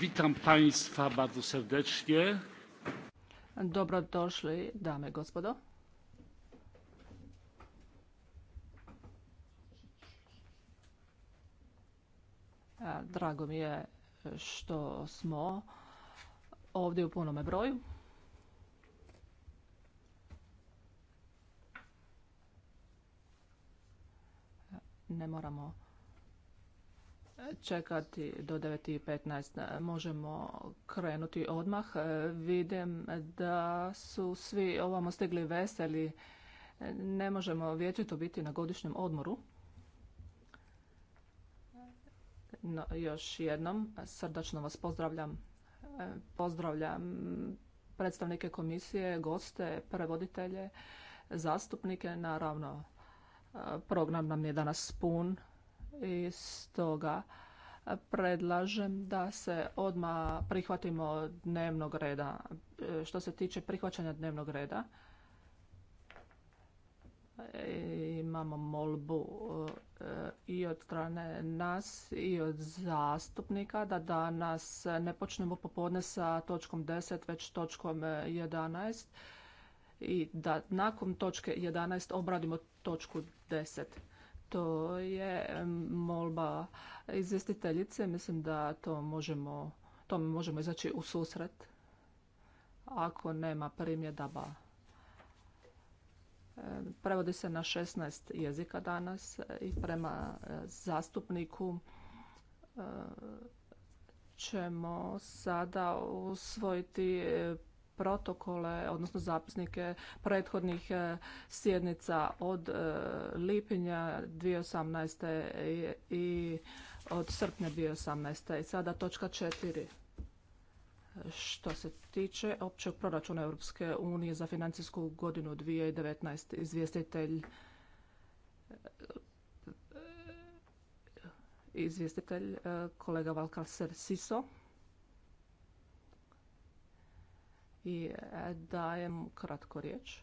Witam Państwa bardzo serdecznie. Dobrodošli, dame i gospodo. E, drago mi je što smo ovdje u punome broju. Ne moramo čekati do 9.15. Možemo krenuti odmah. Vidim da su svi ovamo stigli veseli. Ne možemo vječito biti na godišnjem odmoru. No, još jednom srdačno vas pozdravljam. Pozdravljam predstavnike komisije, goste, prevoditelje, zastupnike. Naravno, program nam je danas pun i stoga predlažem da se odmah prihvatimo dnevnog reda. E, što se tiče prihvaćanja dnevnog reda, e, imamo molbu e, i od strane nas i od zastupnika da danas ne počnemo popodne sa točkom 10, već točkom 11 i da nakon točke 11 obradimo točku 10 to je molba izvjestiteljice. Mislim da to možemo, to možemo izaći u susret ako nema primjedaba. Prevodi se na 16 jezika danas e, i prema e, zastupniku e, ćemo sada usvojiti protokole, odnosno zapisnike prethodnih e, sjednica od e, lipnja 2018. i od srpnja 2018. I sada točka 4. Što se tiče općeg proračuna Europske unije za financijsku godinu 2019. izvjestitelj e, izvjestitelj kolega Valkar Siso i e, dajem kratko riječ.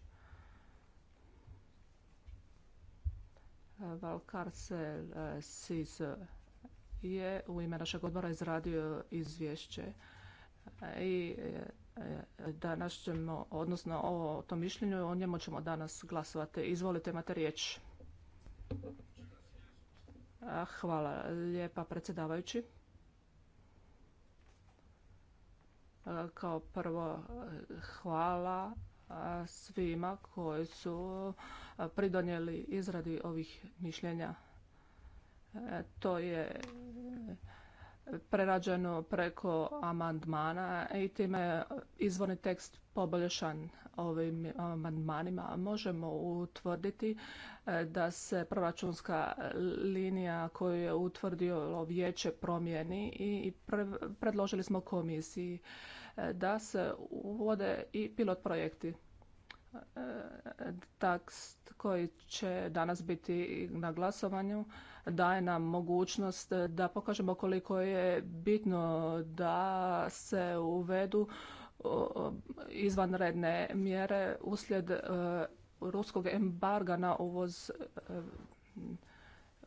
E, se Siz e, je u ime našeg odbora izradio izvješće i danas ćemo, odnosno o tom mišljenju, o njemu ćemo danas glasovati. Izvolite, imate riječ. Hvala lijepa predsjedavajući. Kao prvo, hvala svima koji su pridonijeli izradi ovih mišljenja. E, to je prerađeno preko amandmana i time izvorni tekst poboljšan ovim amandmanima. Možemo utvrditi e, da se proračunska linija koju je utvrdio vijeće promijeni i predložili smo komisiji e, da se uvode i pilot projekti e, tekst koji će danas biti na glasovanju daje nam mogućnost da pokažemo koliko je bitno da se uvedu izvanredne mjere uslijed e, ruskog embarga na uvoz e,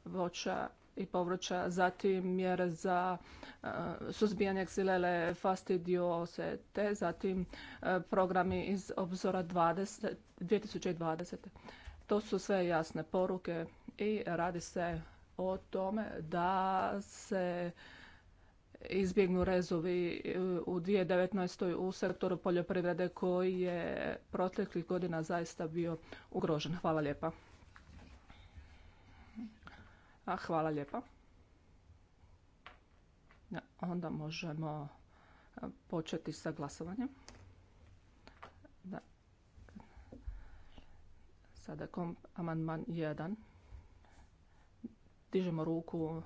voća i povrća, zatim mjere za e, suzbijanje ksilele fastidiose, te zatim programi iz obzora 20, 2020. To su sve jasne poruke i radi se o tome da se izbjegnu rezovi e, u 2019. u sektoru poljoprivrede koji je proteklih godina zaista bio ugrožen. Hvala lijepa. A, hvala lijepa. onda možemo e, početi sa glasovanjem. Da. Sada amandman jedan dižemo ruku,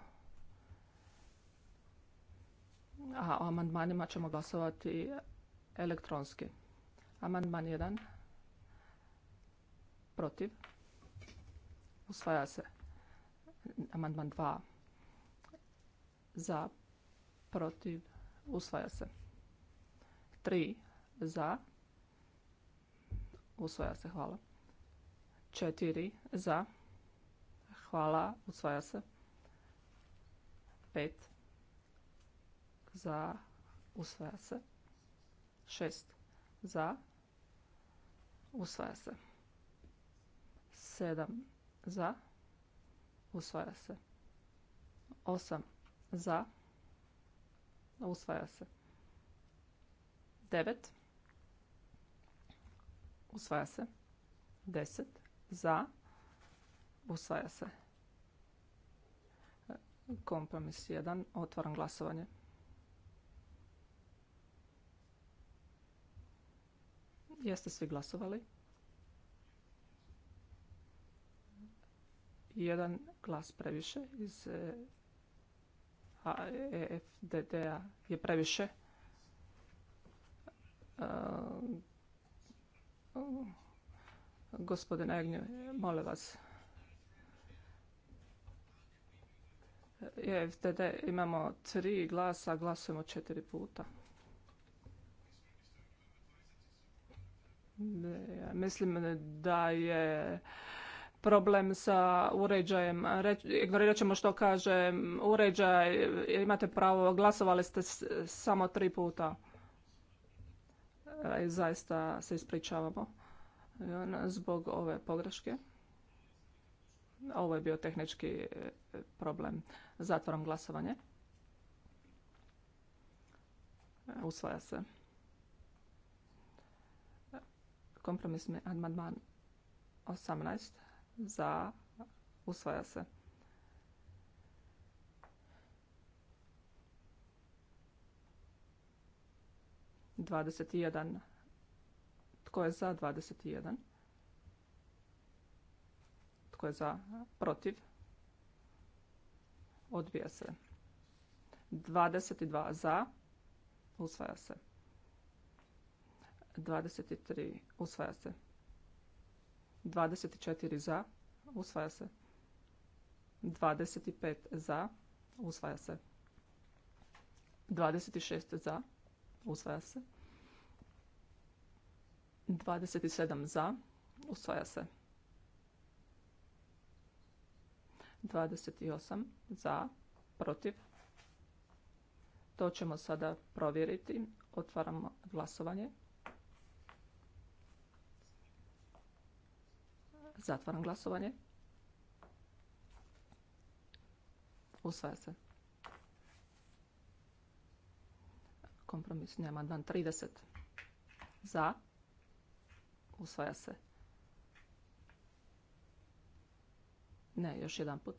a o amandmanima ćemo glasovati elektronski. Amandman 1. Protiv. Usvaja se. Amandman 2. Za. Protiv. Usvaja se. 3. Za. Usvaja se. Hvala. 4. Za. Hvala. Usvaja se. 5 za. Usvaja se. 6 za. Usvaja se. 7 za. Usvaja se. 8 za. Usvaja se. 9. Usvaja se. 10. Za. Usvaja se. Kompromis jedan. Otvaram glasovanje. Jeste svi glasovali? Jedan glas previše iz e, afdd e, je previše. E, gospodine Egnju, molim vas. da, imamo tri glasa, glasujemo četiri puta. Mislim da je problem sa uređajem. Ignorirat ćemo što kaže uređaj, imate pravo, glasovali ste samo tri puta. E, zaista se ispričavamo e, zbog ove pogreške. Ovo je bio tehnički e, problem. Zatvorom glasovanje. E, usvaja se. Kompromisni amandman 18 za usvaja se. Dvadeset jedan. Tko je za dvadeset jedan? Tko je za? Protiv? Odbija se. 22 za. Usvaja se. 23 usvaja se. 24 za. Usvaja se. 25 za. Usvaja se. 26 za. Usvaja se. 27 za. Usvaja se. 28 za, protiv. To ćemo sada provjeriti. Otvaramo glasovanje. Zatvaram glasovanje. Usvaja se. Kompromisni amandman 30 za. Usvaja se. Ne, još jedan put.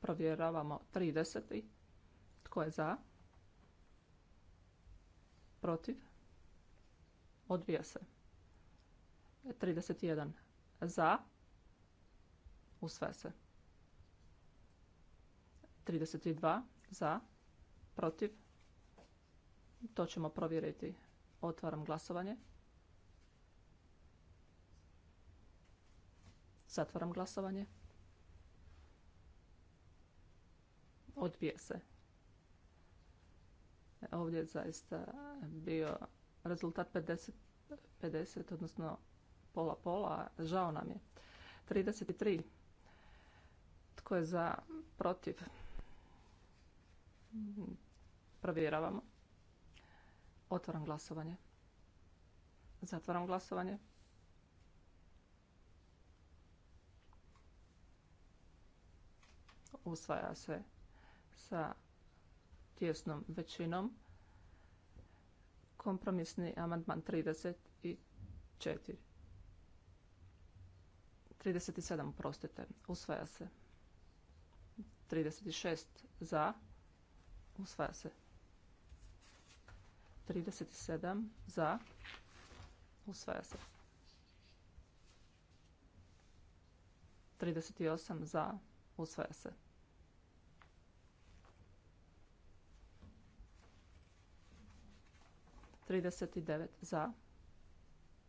Provjeravamo 30. Tko je za? Protiv? Odbija se. 31. Za? Usve se. 32. Za? Protiv? To ćemo provjeriti. Otvaram glasovanje. Zatvaram glasovanje. Odbije se. Ovdje je zaista bio rezultat 50, odnosno pola pola. Žao nam je. 33. Tko je za protiv? Provjeravamo. Otvaram glasovanje. Zatvaram glasovanje. usvaja se sa tjesnom većinom. Kompromisni amandman 34. 37, prostite, usvaja se. 36 za, usvaja se. 37 za, usvaja se. 38 za, usvaja se. 39 za,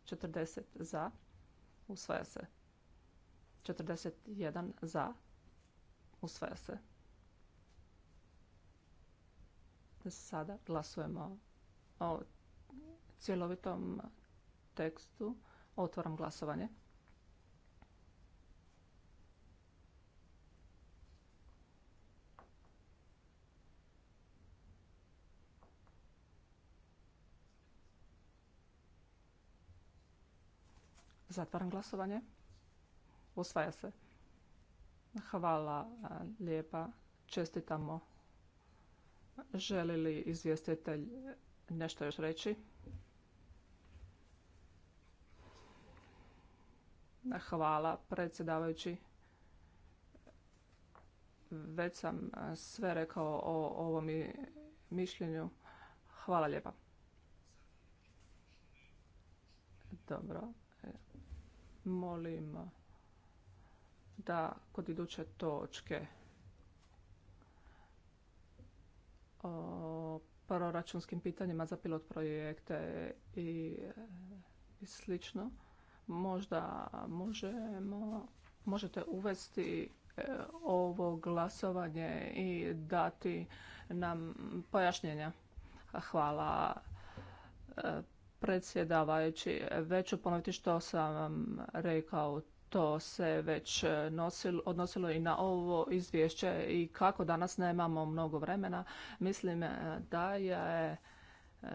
40 za, usvaja se. 41 za, usvaja se. Sada glasujemo o cjelovitom tekstu. Otvaram glasovanje. Zatvaram glasovanje. Usvaja se. Hvala e, lijepa. Čestitamo. Želi li izvjestitelj nešto još reći? Hvala predsjedavajući. Već sam e, sve rekao o ovom mišljenju. Hvala lijepa. Dobro molim da kod iduće točke o proračunskim pitanjima za pilot projekte i, i slično, možda možete uvesti e, ovo glasovanje i dati nam pojašnjenja. Hvala e, predsjedavajući. Već ću ponoviti što sam vam rekao. To se već e, odnosilo i na ovo izvješće i kako danas nemamo mnogo vremena, mislim e, da je e,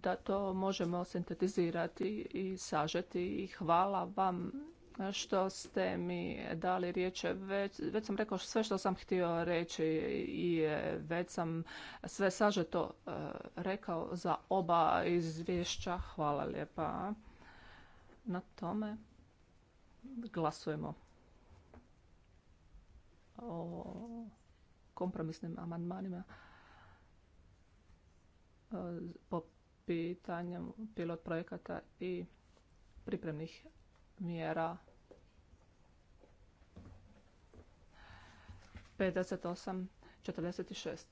da to možemo sintetizirati i sažeti i hvala vam što ste mi dali riječ. Već, već sam rekao sve što sam htio reći i e, već sam sve sažeto e, rekao za oba izvješća. Hvala lijepa na tome. Glasujemo o kompromisnim amandmanima e, po pitanju pilot projekata i pripremnih mjera 58.46 46.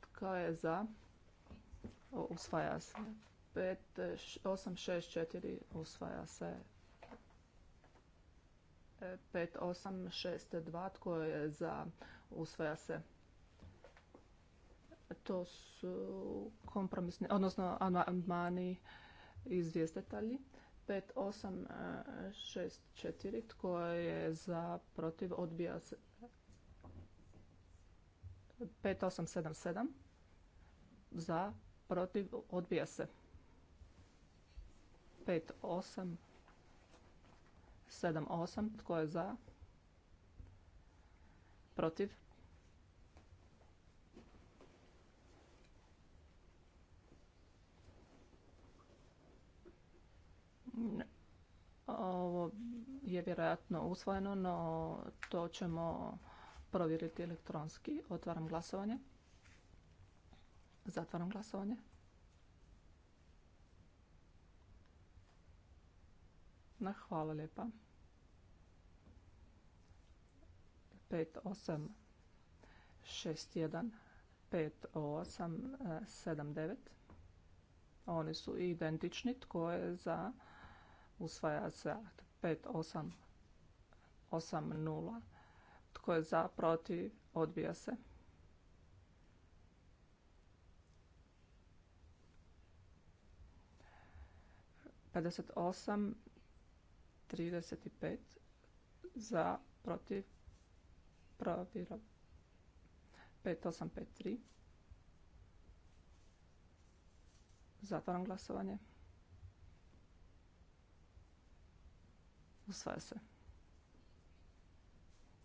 Tko je za? usvaja se. 58.64 6, Usvaja se. 5, Tko je za? Usvaja se. To su kompromisni, odnosno amandmani izvjestitelji. 5864. Tko je za protiv? Odbija se. 5877. Za protiv? Odbija se. 5878. Tko je za? Protiv? Ovo je vjerojatno usvojeno, no to ćemo provjeriti elektronski. Otvaram glasovanje. Zatvaram glasovanje. Na hvala lijepa. 5, 5879 6, 1, Oni su identični. Tko je za... Usvaja se 5880. Tko je za, protiv, odbija se. Pedeset za protiv provjera pet osam pet zatvaram glasovanje u Usvaja se.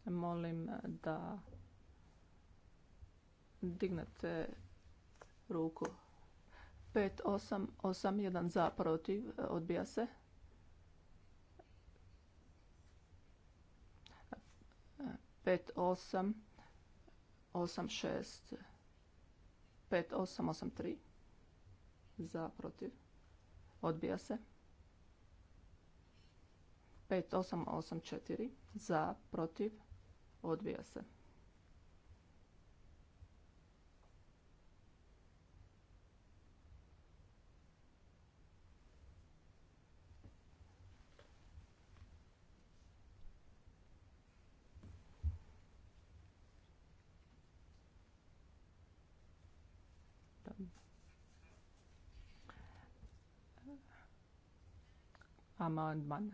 Molim da dignete ruku. 5, 8, 8, 1 za, protiv, odbija se. Pet, osam, osam, šest, pet, osam, osam, tri, za, protiv, odbija se. 5884 za, protiv, odvija se. Amandman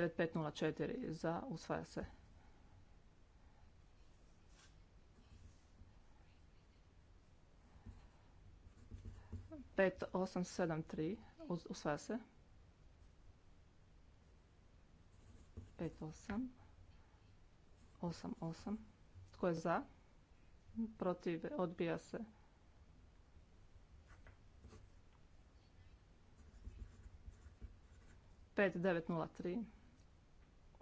9504 za usvaja se. Pet osam sedam tri usvaja se. Pet osam osam osam. Tko je za? Protiv odbija se. 5903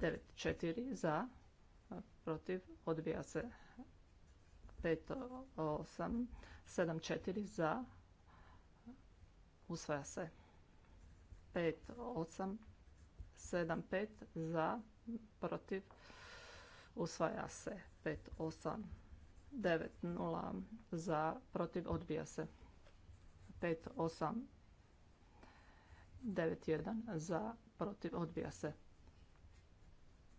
9.4 za, protiv, odbija se 7 7.4 za, usvaja se 7-5 za, protiv, usvaja se 5.8, 9.0 za, protiv, odbija se 5.8, 9.1 za, protiv, odbija se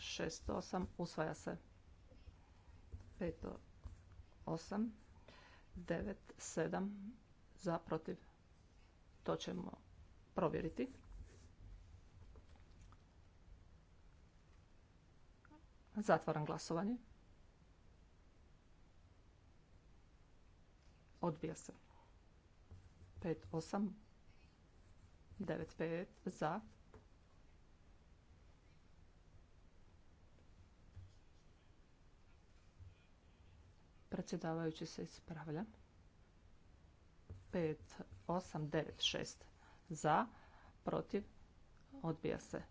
608 usvaja se. 508 9 7 za protiv. To ćemo provjeriti. Zatvoran glasovanje. Odbija se. 5 8 9 5 za Predsjedavajući se ispravlja. 5, 8, 9, 6 za, protiv, odbija se.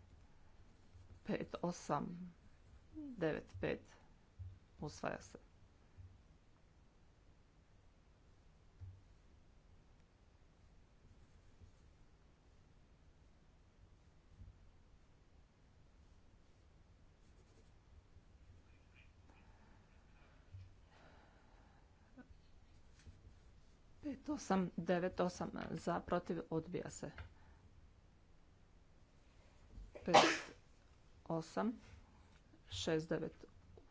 5, 8, 9, 5 usvaja se. 8, 9, 8 za, protiv, odbija se. 5, 8, 6, 9,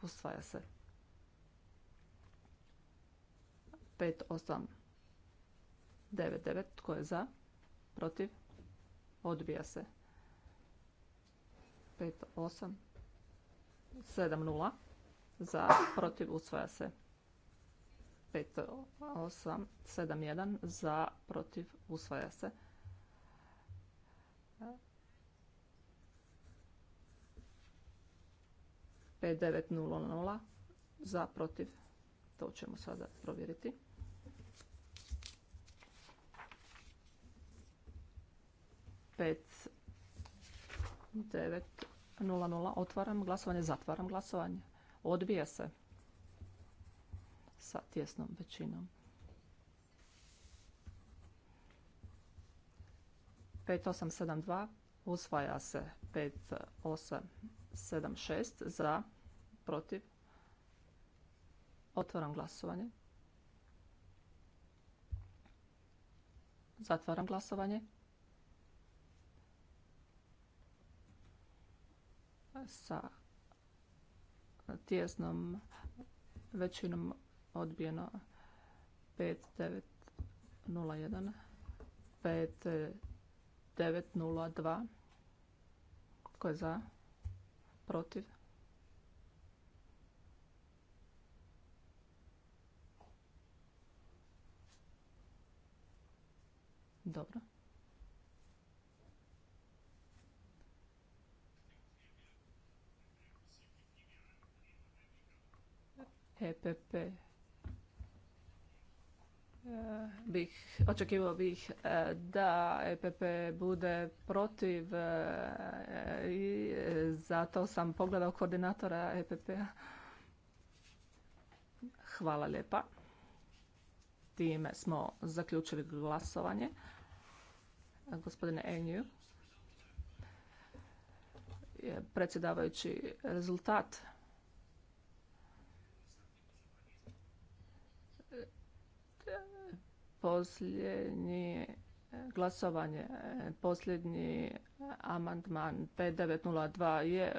usvaja se. 5, 8, 9, 9, tko je za, protiv, odbija se. 5, 8, 7, 0, za, protiv, usvaja se. 5871 za protiv usvaja se. 5900 za protiv to ćemo sada provjeriti. 5 900 otvaram glasovanje zatvaram glasovanje odbija se sa tjesnom većinom. 5872 usvaja se 5876 za protiv. Otvaram glasovanje. Zatvaram glasovanje. Sa tjesnom većinom odbijeno 5901 5902 koje je za protiv dobro EPP očekivao bih e, da EPP bude protiv e, i zato sam pogledao koordinatora EPP-a. Hvala lijepa. Time smo zaključili glasovanje. Gospodine Enju, predsjedavajući rezultat posljednji e, glasovanje, e, posljednji amandman P902 je e,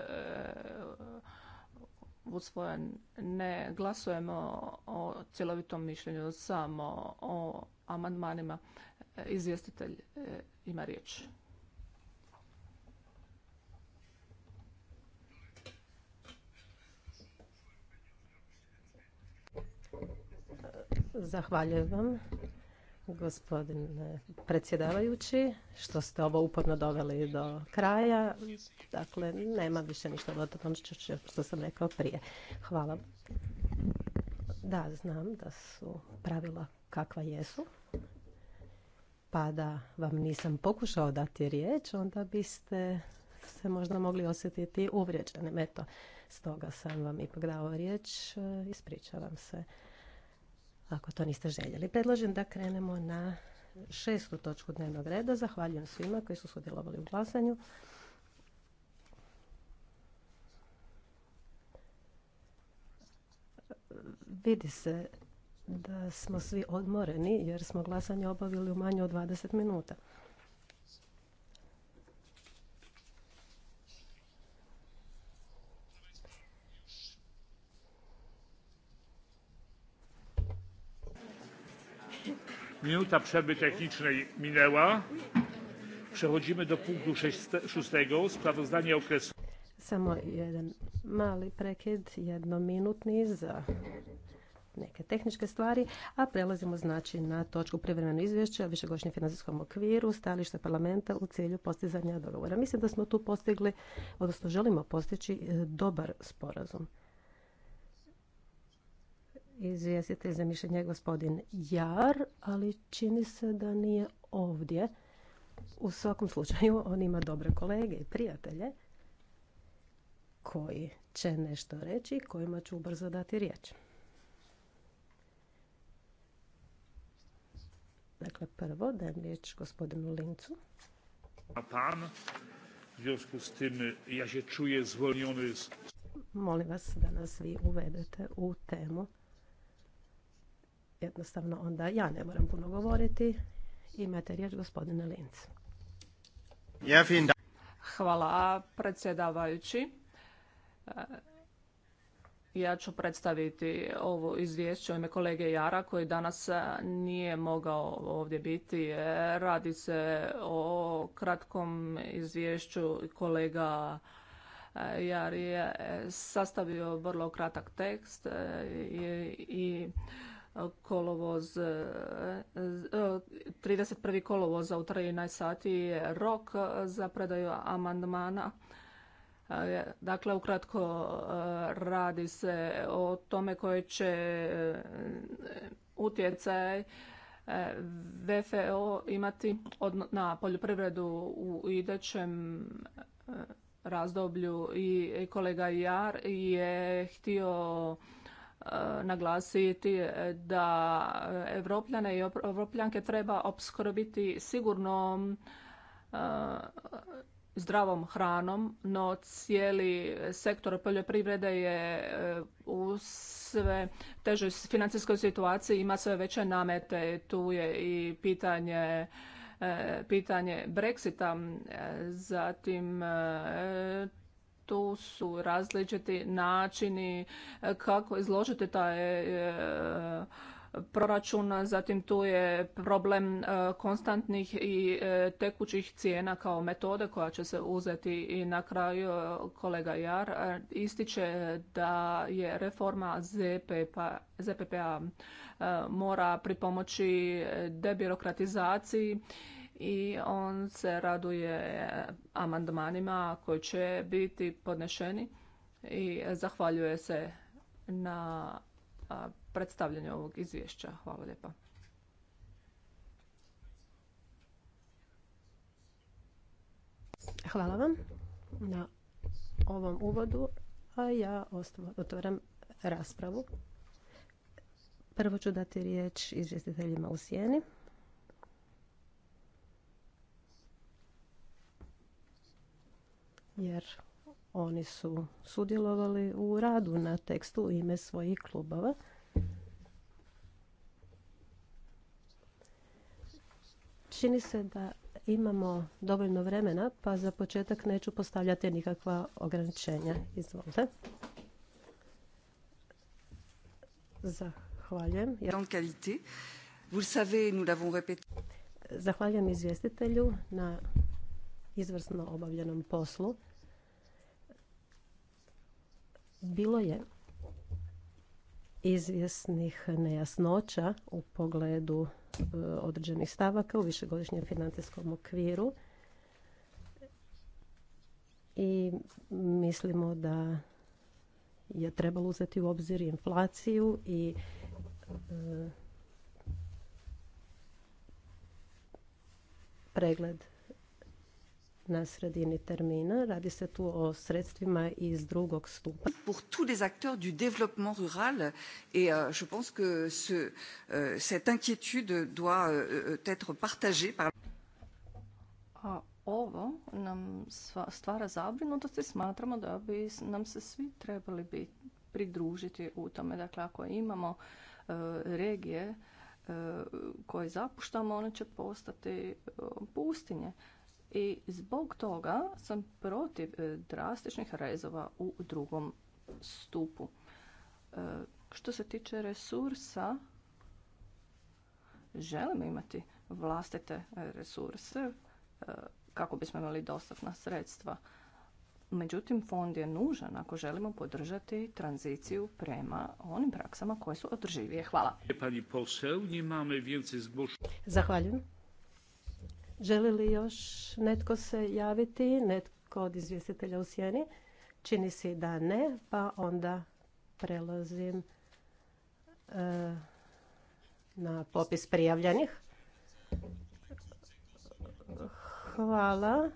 usvojen. Ne glasujemo o cjelovitom mišljenju, samo o amandmanima. Izvjestitelj ima riječ. Zahvaljujem vam gospodine predsjedavajući, što ste ovo uporno doveli do kraja. Dakle, nema više ništa ono toga što sam rekao prije. Hvala. Da, znam da su pravila kakva jesu. Pa da vam nisam pokušao dati riječ, onda biste se možda mogli osjetiti uvrijeđenim. Eto, stoga sam vam ipak dao riječ. E, ispričavam se ako to niste željeli. Predlažem da krenemo na šestu točku dnevnog reda. Zahvaljujem svima koji su sudjelovali u glasanju. Vidi se da smo svi odmoreni jer smo glasanje obavili u manje od 20 minuta. Minuta przerwy technicznej minęła. Przechodzimy do punktu szóstego. Sprawozdanie okresu. Samo jedan mali prekid, jednominutni za neke tehničke stvari, a prelazimo znači na točku privremeno izvješće o višegodišnjem financijskom okviru, stajališta parlamenta u cilju postizanja dogovora. Mislim da smo tu postigli, odnosno želimo postići e, dobar sporazum izvjestitelj za mišljenje gospodin Jar, ali čini se da nije ovdje. U svakom slučaju on ima dobre kolege i prijatelje koji će nešto reći i kojima ću ubrzo dati riječ. Dakle, prvo dajem riječ gospodinu Lincu. A pan, ja čuje czuję zwolniony. Molim vas da nas vi uvedete u temu jednostavno onda ja ne moram puno govoriti. Imate riječ gospodine Linc. Hvala predsjedavajući. E, ja ću predstaviti ovo izvješće u ime kolege Jara koji danas e, nije mogao ovdje biti. Radi se o kratkom izvješću kolega e, Jar je sastavio vrlo kratak tekst i kolovoz, 31. kolovoza u 13 sati je rok za predaju amandmana. E, dakle, ukratko e, radi se o tome koje će e, utjecaj VFO imati na poljoprivredu u idećem razdoblju i kolega Jar je htio Eh, naglasiti eh, da eh, Evropljane i Evropljanke treba opskrbiti sigurnom zdravom hranom, no cijeli sektor poljoprivrede je u sve težoj financijskoj situaciji, ima sve veće namete. Tu je i pitanje pitanje Brexita, zatim tu su različiti načini e, kako izložiti taj e, proračun, zatim tu je problem e, konstantnih i tekućih cijena kao metode koja će se uzeti i na kraju kolega Jar ističe da je reforma ZPPA, ZPPA mora pripomoći debirokratizaciji i on se raduje amandmanima koji će biti podnešeni i zahvaljuje se na predstavljanju ovog izvješća. Hvala lijepa. Hvala vam na ovom uvodu, a ja otvaram raspravu. Prvo ću dati riječ izvjestiteljima u sjeni. jer oni su sudjelovali u radu na tekstu u ime svojih klubova. Čini se da imamo dovoljno vremena, pa za početak neću postavljati nikakva ograničenja. Izvolite. Zahvaljujem. Zahvaljujem izvjestitelju na izvrsno obavljenom poslu. Bilo je izvjesnih nejasnoća u pogledu e, određenih stavaka u višegodišnjem financijskom okviru i mislimo da je trebalo uzeti u obzir inflaciju i e, pregled na sredini termina. Radi se tu o sredstvima iz drugog stupa. Pour tous les acteurs du développement rural et euh, je pense que ce, euh, cette inquiétude doit euh, être partagée par a ovo nam stvara zabrinutost i smatramo da bi nam se svi trebali bi pridružiti u tome. Dakle, ako imamo e, regije e, koje zapuštamo, one će postati e, pustinje. I zbog toga sam protiv e, drastičnih rezova u drugom stupu. E, što se tiče resursa, želimo imati vlastite resurse e, kako bismo imali dostatna sredstva. Međutim, fond je nužan ako želimo podržati tranziciju prema onim praksama koje su održivije. Hvala. Zahvaljujem. Želi li još netko se javiti? Netko od izvjestitelja u sjeni? Čini se da ne, pa onda prelazim eh, na popis prijavljenih. Hvala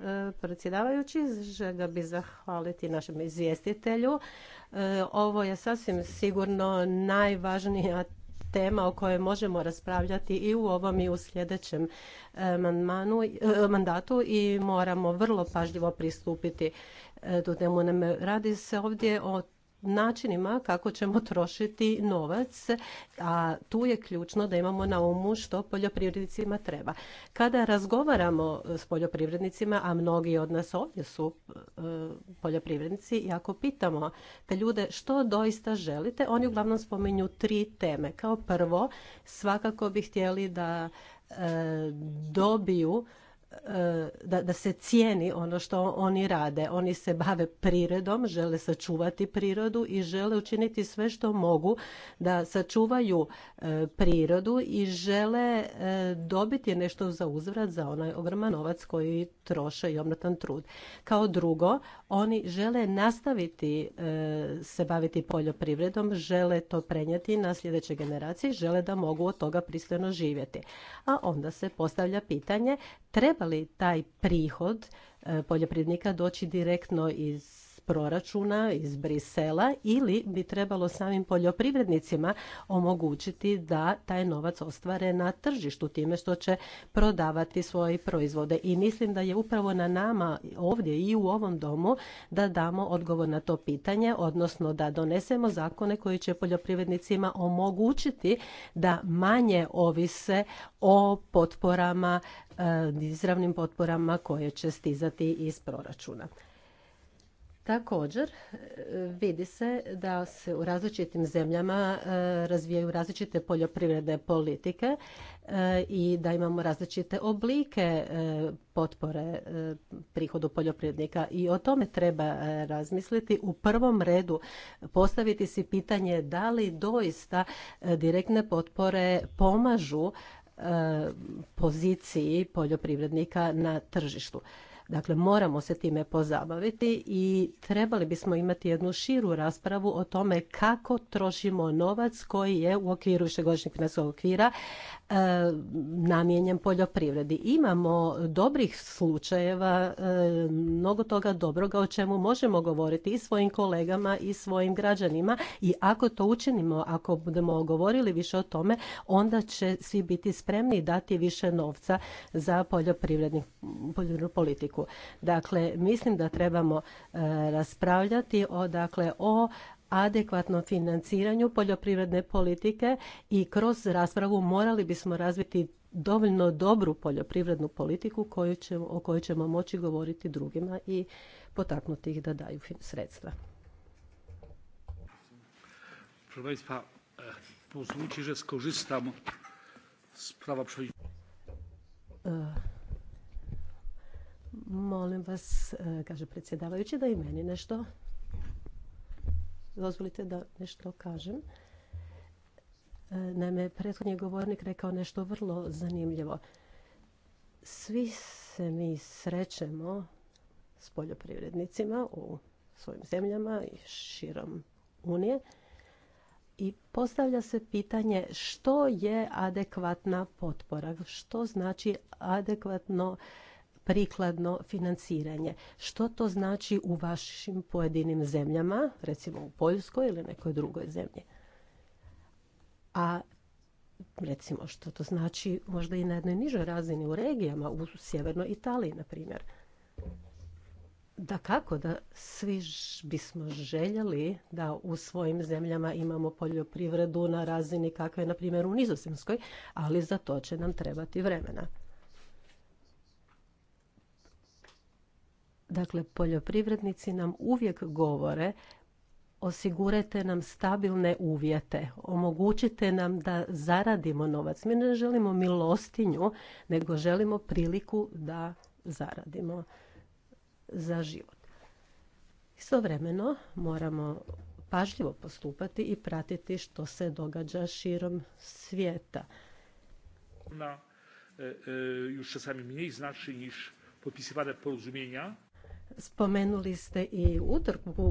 eh, predsjedavajući. Želja bih zahvaliti našem izvjestitelju. Eh, ovo je sasvim sigurno najvažnija tema o kojoj možemo raspravljati i u ovom i u sljedećem e, e, mandatu i moramo vrlo pažljivo pristupiti e, tu temu. Radi se ovdje o načinima kako ćemo trošiti novac, a tu je ključno da imamo na umu što poljoprivrednicima treba. Kada razgovaramo s poljoprivrednicima, a mnogi od nas ovdje su e, poljoprivrednici, i ako pitamo te ljude što doista želite, oni uglavnom spominju tri teme. Kao prvo, svakako bi htjeli da e, dobiju da, da se cijeni ono što oni rade. Oni se bave prirodom, žele sačuvati prirodu i žele učiniti sve što mogu da sačuvaju e, prirodu i žele e, dobiti nešto za uzvrat za onaj ogroman novac koji troše i obnatan trud. Kao drugo, oni žele nastaviti e, se baviti poljoprivredom, žele to prenijeti na sljedeće generacije, žele da mogu od toga pristojno živjeti. A onda se postavlja pitanje treba ali taj prihod e, poljoprivrednika doći direktno iz proračuna iz Brisela ili bi trebalo samim poljoprivrednicima omogućiti da taj novac ostvare na tržištu time što će prodavati svoje proizvode. I mislim da je upravo na nama ovdje i u ovom domu da damo odgovor na to pitanje, odnosno da donesemo zakone koji će poljoprivrednicima omogućiti da manje ovise o potporama, e, izravnim potporama koje će stizati iz proračuna. Također vidi se da se u različitim zemljama e, razvijaju različite poljoprivredne politike e, i da imamo različite oblike e, potpore prihodu poljoprivrednika i o tome treba razmisliti. U prvom redu postaviti si pitanje da li doista direktne potpore pomažu poziciji poljoprivrednika na tržištu. Dakle, moramo se time pozabaviti i trebali bismo imati jednu širu raspravu o tome kako trošimo novac koji je u okviru višegodišnjeg financijskog okvira e, namijenjen poljoprivredi. Imamo dobrih slučajeva, e, mnogo toga dobroga o čemu možemo govoriti i svojim kolegama i svojim građanima i ako to učinimo, ako budemo govorili više o tome, onda će svi biti spremni dati više novca za poljoprivrednu politiku. Dakle, mislim da trebamo e, raspravljati o, dakle, o adekvatnom financiranju poljoprivredne politike i kroz raspravu morali bismo razviti dovoljno dobru poljoprivrednu politiku koju o kojoj ćemo moći govoriti drugima i potaknuti ih da daju sredstva. E, pozwólcie, że skorzystam Molim vas, e, kaže predsjedavajući, da i meni nešto dozvolite da nešto kažem. E, naime, prethodni govornik rekao nešto vrlo zanimljivo. Svi se mi srećemo s poljoprivrednicima u svojim zemljama i širom Unije i postavlja se pitanje što je adekvatna potpora, što znači adekvatno prikladno financiranje. Što to znači u vašim pojedinim zemljama, recimo u Poljskoj ili nekoj drugoj zemlji? A recimo što to znači možda i na jednoj nižoj razini u regijama, u sjevernoj Italiji, na primjer. Da kako da svi bismo željeli da u svojim zemljama imamo poljoprivredu na razini kakve je na primjer u Nizozemskoj, ali za to će nam trebati vremena. Dakle, poljoprivrednici nam uvijek govore osigurajte nam stabilne uvjete, omogućite nam da zaradimo novac. Mi ne želimo milostinju, nego želimo priliku da zaradimo za život. Istovremeno moramo pažljivo postupati i pratiti što se događa širom svijeta. Na, e, e, już czasami mniej znaczy Spomenuli ste i utrku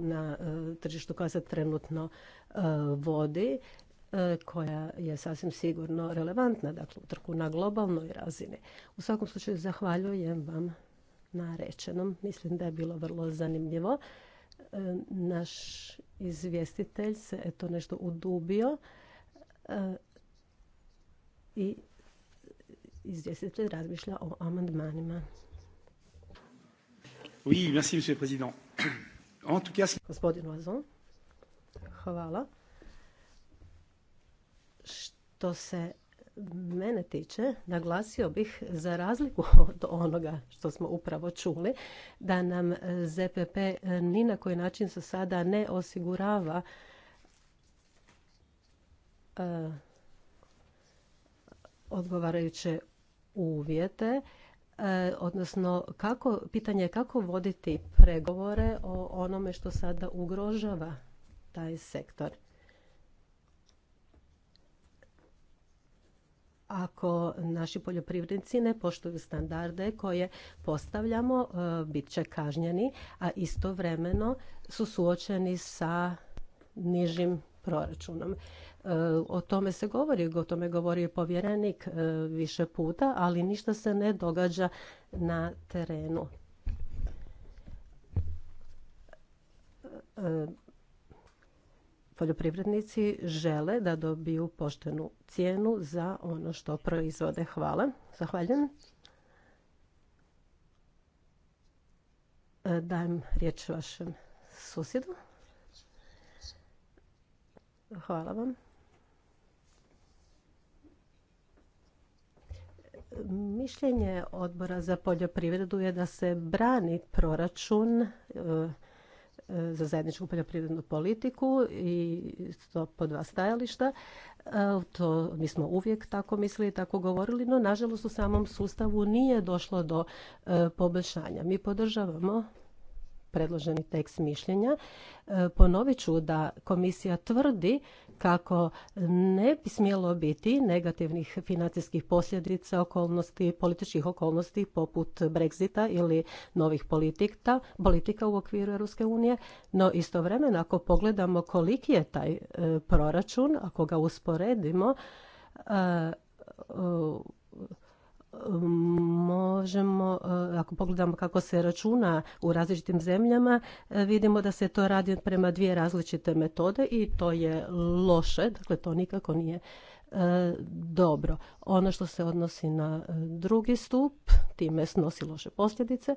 na e, tržištu koja se trenutno e, vodi, e, koja je sasvim sigurno relevantna, dakle utrku na globalnoj razini. U svakom slučaju zahvaljujem vam na rečenom. Mislim da je bilo vrlo zanimljivo. Naš izvjestitelj se eto nešto udubio i izvjestitelj razmišlja o amandmanima. Oui, merci, monsieur le président. En tout cas... Gospodin hvala. Što se mene tiče, naglasio bih za razliku od onoga što smo upravo čuli, da nam ZPP ni na koji način se sada ne osigurava e, odgovarajuće uvjete E, odnosno kako, pitanje je kako voditi pregovore o onome što sada ugrožava taj sektor. Ako naši poljoprivrednici ne poštuju standarde koje postavljamo, e, bit će kažnjeni, a istovremeno su suočeni sa nižim proračunom. O tome se govori, o tome govori povjerenik e, više puta, ali ništa se ne događa na terenu. E, poljoprivrednici žele da dobiju poštenu cijenu za ono što proizvode. Hvala. Zahvaljujem. E, dajem riječ vašem susjedu. Hvala vam. Mišljenje odbora za poljoprivredu je da se brani proračun e, e, za zajedničku poljoprivrednu politiku i to po dva stajališta. E, to mi smo uvijek tako mislili, tako govorili, no nažalost u samom sustavu nije došlo do poboljšanja. Mi podržavamo predloženi tekst mišljenja. E, ponovit ću da komisija tvrdi kako ne bi smjelo biti negativnih financijskih posljedica okolnosti, političkih okolnosti poput Brexita ili novih politika, politika u okviru Europske unije, no istovremeno ako pogledamo koliki je taj e, proračun, ako ga usporedimo, e, možemo, e, ako pogledamo kako se računa u različitim zemljama, e, vidimo da se to radi prema dvije različite metode i to je loše, dakle to nikako nije e, dobro. Ono što se odnosi na drugi stup, time snosi loše posljedice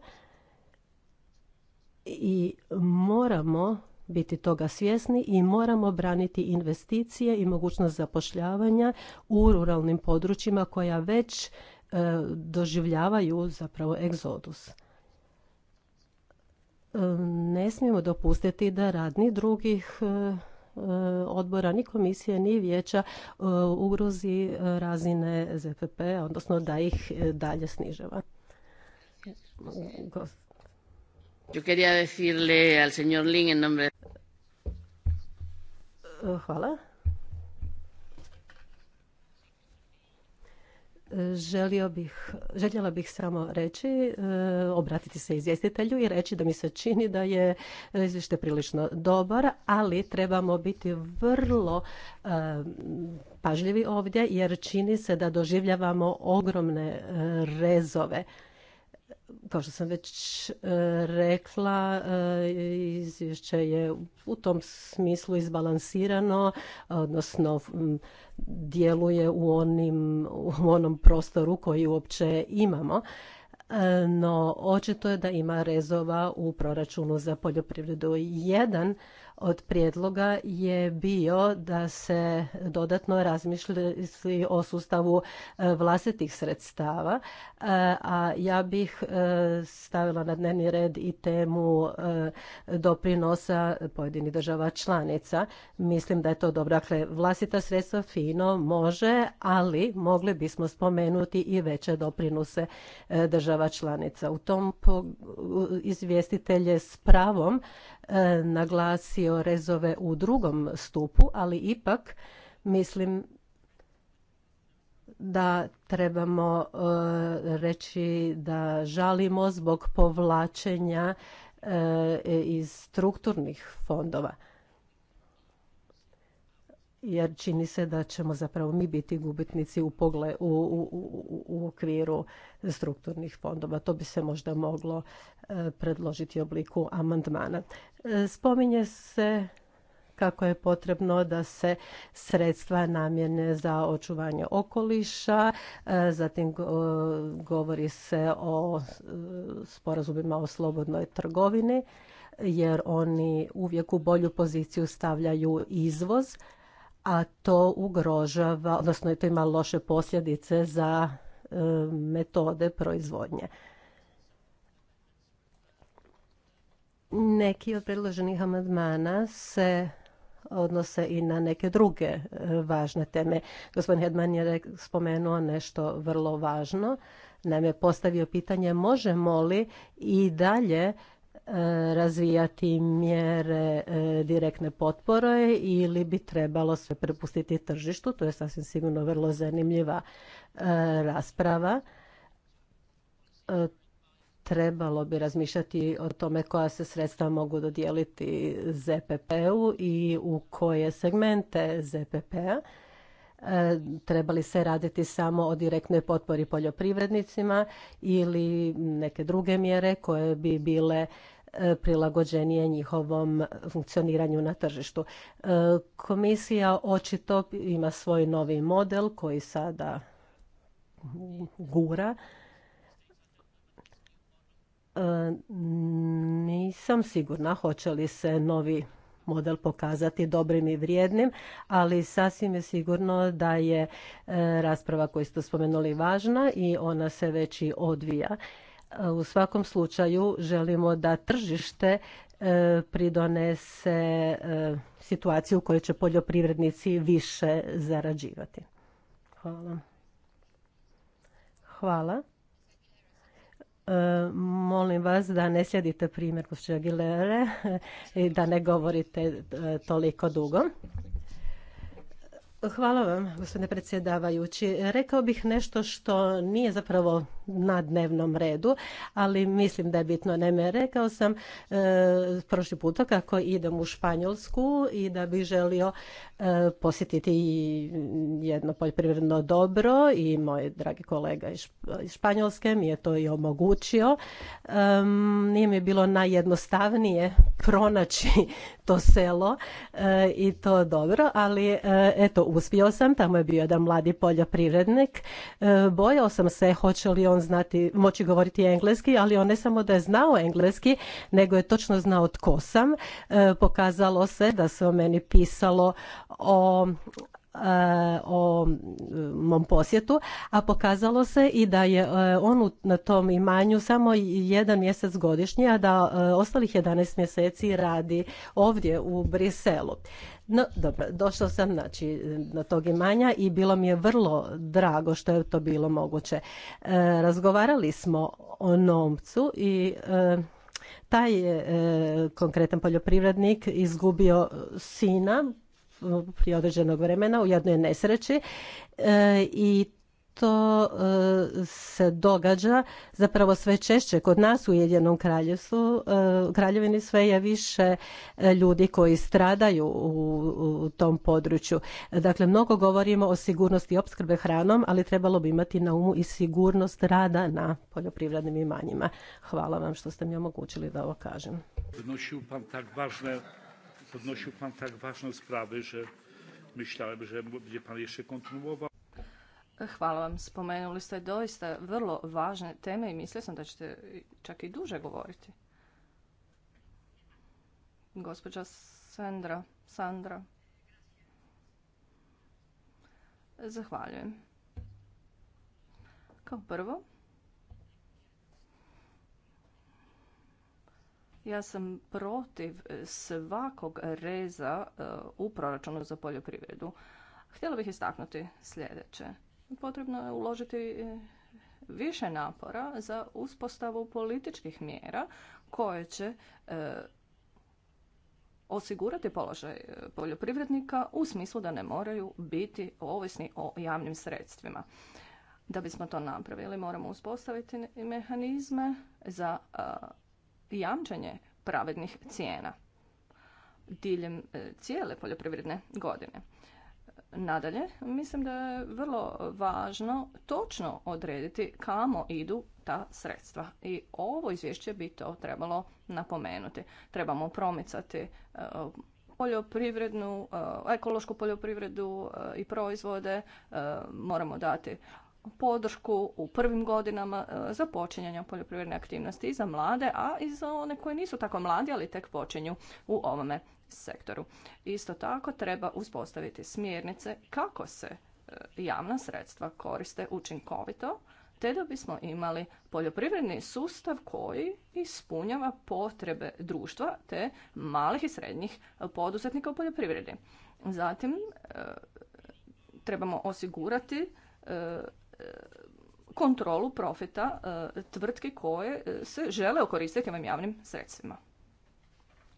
i moramo biti toga svjesni i moramo braniti investicije i mogućnost zapošljavanja u ruralnim područjima koja već E, doživljavaju zapravo egzodus. E, ne smijemo dopustiti da radni drugih e, odbora, ni komisije, ni vijeća ugrozi razine ZPP, odnosno da ih dalje snižava. Hvala. Želio bih, željela bih samo reći, e, obratiti se izvjestitelju i reći da mi se čini da je izvješće prilično dobar, ali trebamo biti vrlo e, pažljivi ovdje jer čini se da doživljavamo ogromne e, rezove kao što sam već e, rekla, e, izvješće je u tom smislu izbalansirano, odnosno djeluje u, onim, u onom prostoru koji uopće imamo. E, no, očito je da ima rezova u proračunu za poljoprivredu. Jedan od prijedloga je bio da se dodatno razmišlja o sustavu e, vlastitih sredstava, e, a ja bih e, stavila na dnevni red i temu doprinosa pojedinih država članica. Mislim da je to dobro. Dakle, vlastita sredstva fino može, ali mogli bismo spomenuti i veće doprinose država članica. U tom izvjestitelje s pravom E, naglasio rezove u drugom stupu, ali ipak mislim da trebamo e, reći da žalimo zbog povlačenja e, iz strukturnih fondova jer čini se da ćemo zapravo mi biti gubitnici u, u, u, u okviru strukturnih fondova. To bi se možda moglo e, predložiti u obliku amandmana. E, spominje se kako je potrebno da se sredstva namjene za očuvanje okoliša, e, zatim govori se o sporazumima o slobodnoj trgovini jer oni uvijek u bolju poziciju stavljaju izvoz a to ugrožava, odnosno to ima loše posljedice za e, metode proizvodnje. Neki od predloženih amandmana se odnose i na neke druge e, važne teme. Gospodin Hedman je spomenuo nešto vrlo važno. Naime, postavio pitanje možemo li i dalje razvijati mjere e, direktne potpore ili bi trebalo sve prepustiti tržištu. To je sasvim sigurno vrlo zanimljiva e, rasprava. E, trebalo bi razmišljati o tome koja se sredstva mogu dodijeliti ZPP-u i u koje segmente ZPP-a. Trebali se raditi samo o direktnoj potpori poljoprivrednicima ili neke druge mjere koje bi bile E, prilagođenije njihovom funkcioniranju na tržištu. E, komisija očito ima svoj novi model koji sada gura. E, nisam sigurna hoće li se novi model pokazati dobrim i vrijednim, ali sasvim je sigurno da je rasprava koju ste spomenuli važna i ona se već i odvija. E, u svakom slučaju želimo da tržište e, pridonese e, situaciju u kojoj će poljoprivrednici više zarađivati. Hvala. Hvala. Molim vas da ne slijedite primjer gospođe Aguilere i da ne govorite toliko dugo. Hvala vam, gospodine predsjedavajući. Rekao bih nešto što nije zapravo na dnevnom redu, ali mislim da je bitno ne Rekao sam e, prošli puta kako idem u Španjolsku i da bi želio e, posjetiti jedno poljoprivredno dobro i moj dragi kolega iz Španjolske mi je to i omogućio. nije mi bilo najjednostavnije pronaći to selo e, i to dobro, ali e, eto uspio sam, tamo je bio jedan mladi poljoprivrednik. Bojao sam se hoće li on znati, moći govoriti engleski, ali on ne samo da je znao engleski, nego je točno znao tko sam. E, pokazalo se da se o meni pisalo o Eh, o mm, mom posjetu, a pokazalo se i da je eh, on na tom imanju samo jedan mjesec godišnje, a da eh, ostalih 11 mjeseci radi ovdje u Briselu. No, dobro, došao sam znači, na tog imanja i bilo mi je vrlo drago što je to bilo moguće. razgovarali smo o nomcu i taj je konkretan poljoprivrednik izgubio sina prije određenog vremena u jednoj nesreći e, i to e, se događa zapravo sve češće kod nas u Ujedinjenom kraljevstvu, e, kraljevini sve je više ljudi koji stradaju u tom području. Dakle, mnogo govorimo o sigurnosti opskrbe hranom, ali trebalo bi imati na umu i sigurnost rada na poljoprivrednim imanjima. Hvala vam što ste mi omogućili da ovo kažem. tak važne podnosił Pan tak ważną sprawę, że myślałem, że będzie Pan jeszcze kontynuował. Hvala vam. Spomenuli ste doista vrlo važne teme i mislio sam da ćete čak i duže govoriti. Gospođa Sandra. Sandra. Zahvaljujem. Kao prvo, Ja sam protiv e, svakog reza e, u proračunu za poljoprivredu. Htjela bih istaknuti sljedeće. Potrebno je uložiti e, više napora za uspostavu političkih mjera koje će osigurati položaj poljoprivrednika u smislu da ne moraju biti ovisni o javnim sredstvima. Da bismo to napravili moramo uspostaviti mehanizme za jamčenje pravednih cijena diljem e, cijele poljoprivredne godine. Nadalje, mislim da je vrlo važno točno odrediti kamo idu ta sredstva. I ovo izvješće bi to trebalo napomenuti. Trebamo promicati e, poljoprivrednu, e, ekološku poljoprivredu i proizvode. Moramo dati podršku u prvim godinama e, za počinjanje poljoprivredne aktivnosti i za mlade, a i za one koji nisu tako mladi, ali tek počinju u ovome sektoru. Isto tako treba uspostaviti smjernice kako se e, javna sredstva koriste učinkovito, te da bismo imali poljoprivredni sustav koji ispunjava potrebe društva te malih i srednjih poduzetnika u poljoprivredi. Zatim e, trebamo osigurati kontrolu profita e, tvrtke koje e, se žele okoristiti ovim javnim sredstvima.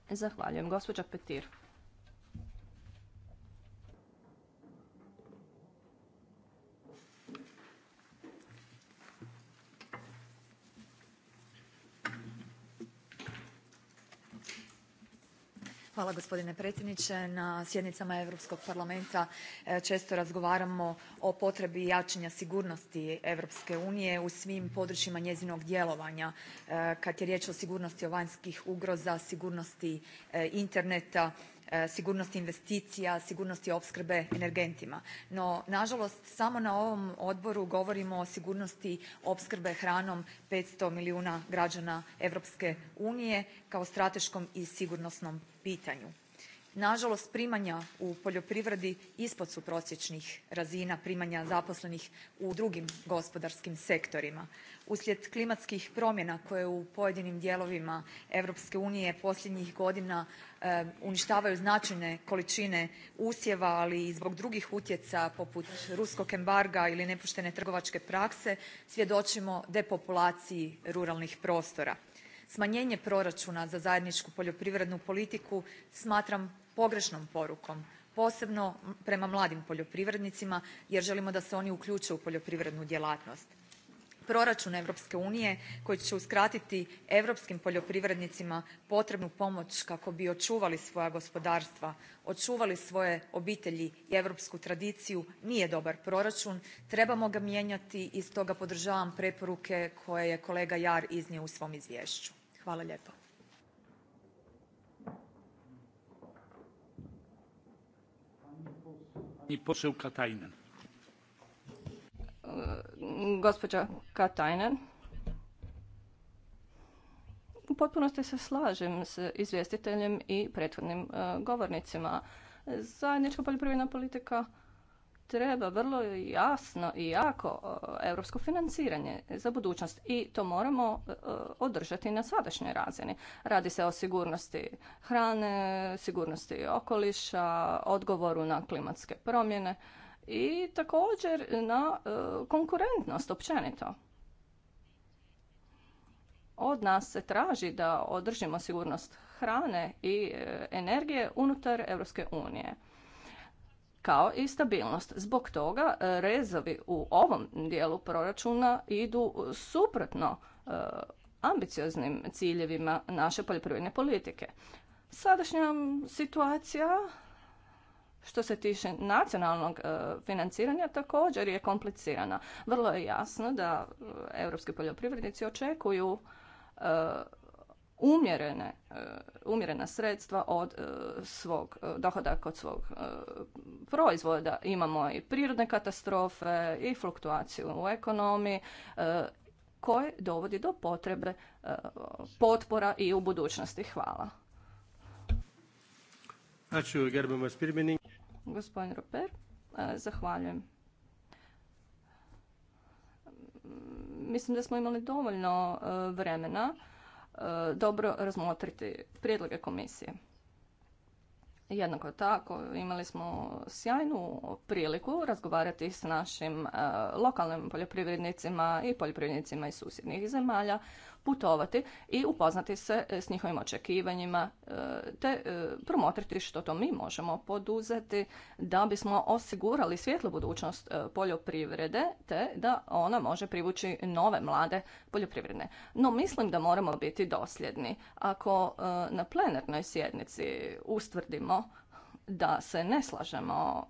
Zahvaljujem. Gospođa Petir. Hvala gospodine predsjedniče. Na sjednicama Europskog parlamenta e, često razgovaramo o potrebi jačanja sigurnosti Europske unije u svim područjima njezinog djelovanja e, kad je riječ o sigurnosti vanjskih ugroza, sigurnosti e, interneta, E, sigurnosti investicija, sigurnosti opskrbe energentima. No nažalost samo na ovom odboru govorimo o sigurnosti opskrbe hranom 500 milijuna građana Europske unije kao strateškom i sigurnosnom pitanju nažalost primanja u poljoprivredi ispod su prosječnih razina primanja zaposlenih u drugim gospodarskim sektorima. uslijed klimatskih promjena koje u pojedinim dijelovima europske unije posljednjih godina eh, uništavaju značajne količine usjeva ali i zbog drugih utjecaja poput ruskog embarga ili nepoštene trgovačke prakse svjedočimo depopulaciji ruralnih prostora. smanjenje proračuna za zajedničku poljoprivrednu politiku smatram pogrešnom porukom posebno prema mladim poljoprivrednicima jer želimo da se oni uključe u poljoprivrednu djelatnost. proračun europske unije koji će uskratiti europskim poljoprivrednicima potrebnu pomoć kako bi očuvali svoja gospodarstva očuvali svoje obitelji i europsku tradiciju nije dobar proračun trebamo ga mijenjati i stoga podržavam preporuke koje je kolega Jar iznio u svom izvješću. hvala lijepo. Gospođo, e, Gospođa Katajnen. U potpunosti se slažem s izvjestiteljem i prethodnim e, govornicima. Zajednička poljoprivredna politika treba vrlo jasno i jako europsko financiranje za budućnost i to moramo e, održati na sadašnjoj razini. Radi se o sigurnosti hrane, sigurnosti okoliša, odgovoru na klimatske promjene i također na e, konkurentnost općenito. Od nas se traži da održimo sigurnost hrane i e, energije unutar Europske unije kao i stabilnost. Zbog toga e, rezovi u ovom dijelu proračuna idu suprotno e, ambicioznim ciljevima naše poljoprivredne politike. Sadašnja situacija što se tiše nacionalnog e, financiranja također je komplicirana. Vrlo je jasno da europski poljoprivrednici očekuju umjerene, e, umjerena sredstva od e, svog e, dohodaka od svog proizvoda. Imamo i prirodne katastrofe i fluktuaciju u ekonomiji koje dovodi do potrebe potpora i u budućnosti. Hvala. Znači, Gospodin Roper, zahvaljujem. Mislim da smo imali dovoljno vremena E, dobro razmotriti prijedloge komisije. Jednako tako imali smo sjajnu priliku razgovarati s našim e, lokalnim poljoprivrednicima i poljoprivrednicima iz susjednih zemalja putovati i upoznati se e, s njihovim očekivanjima e, te e, promotriti što to mi možemo poduzeti da bismo osigurali svjetlu budućnost poljoprivrede te da ona može privući nove mlade poljoprivredne. No mislim da moramo biti dosljedni. Ako na plenarnoj sjednici ustvrdimo da se ne slažemo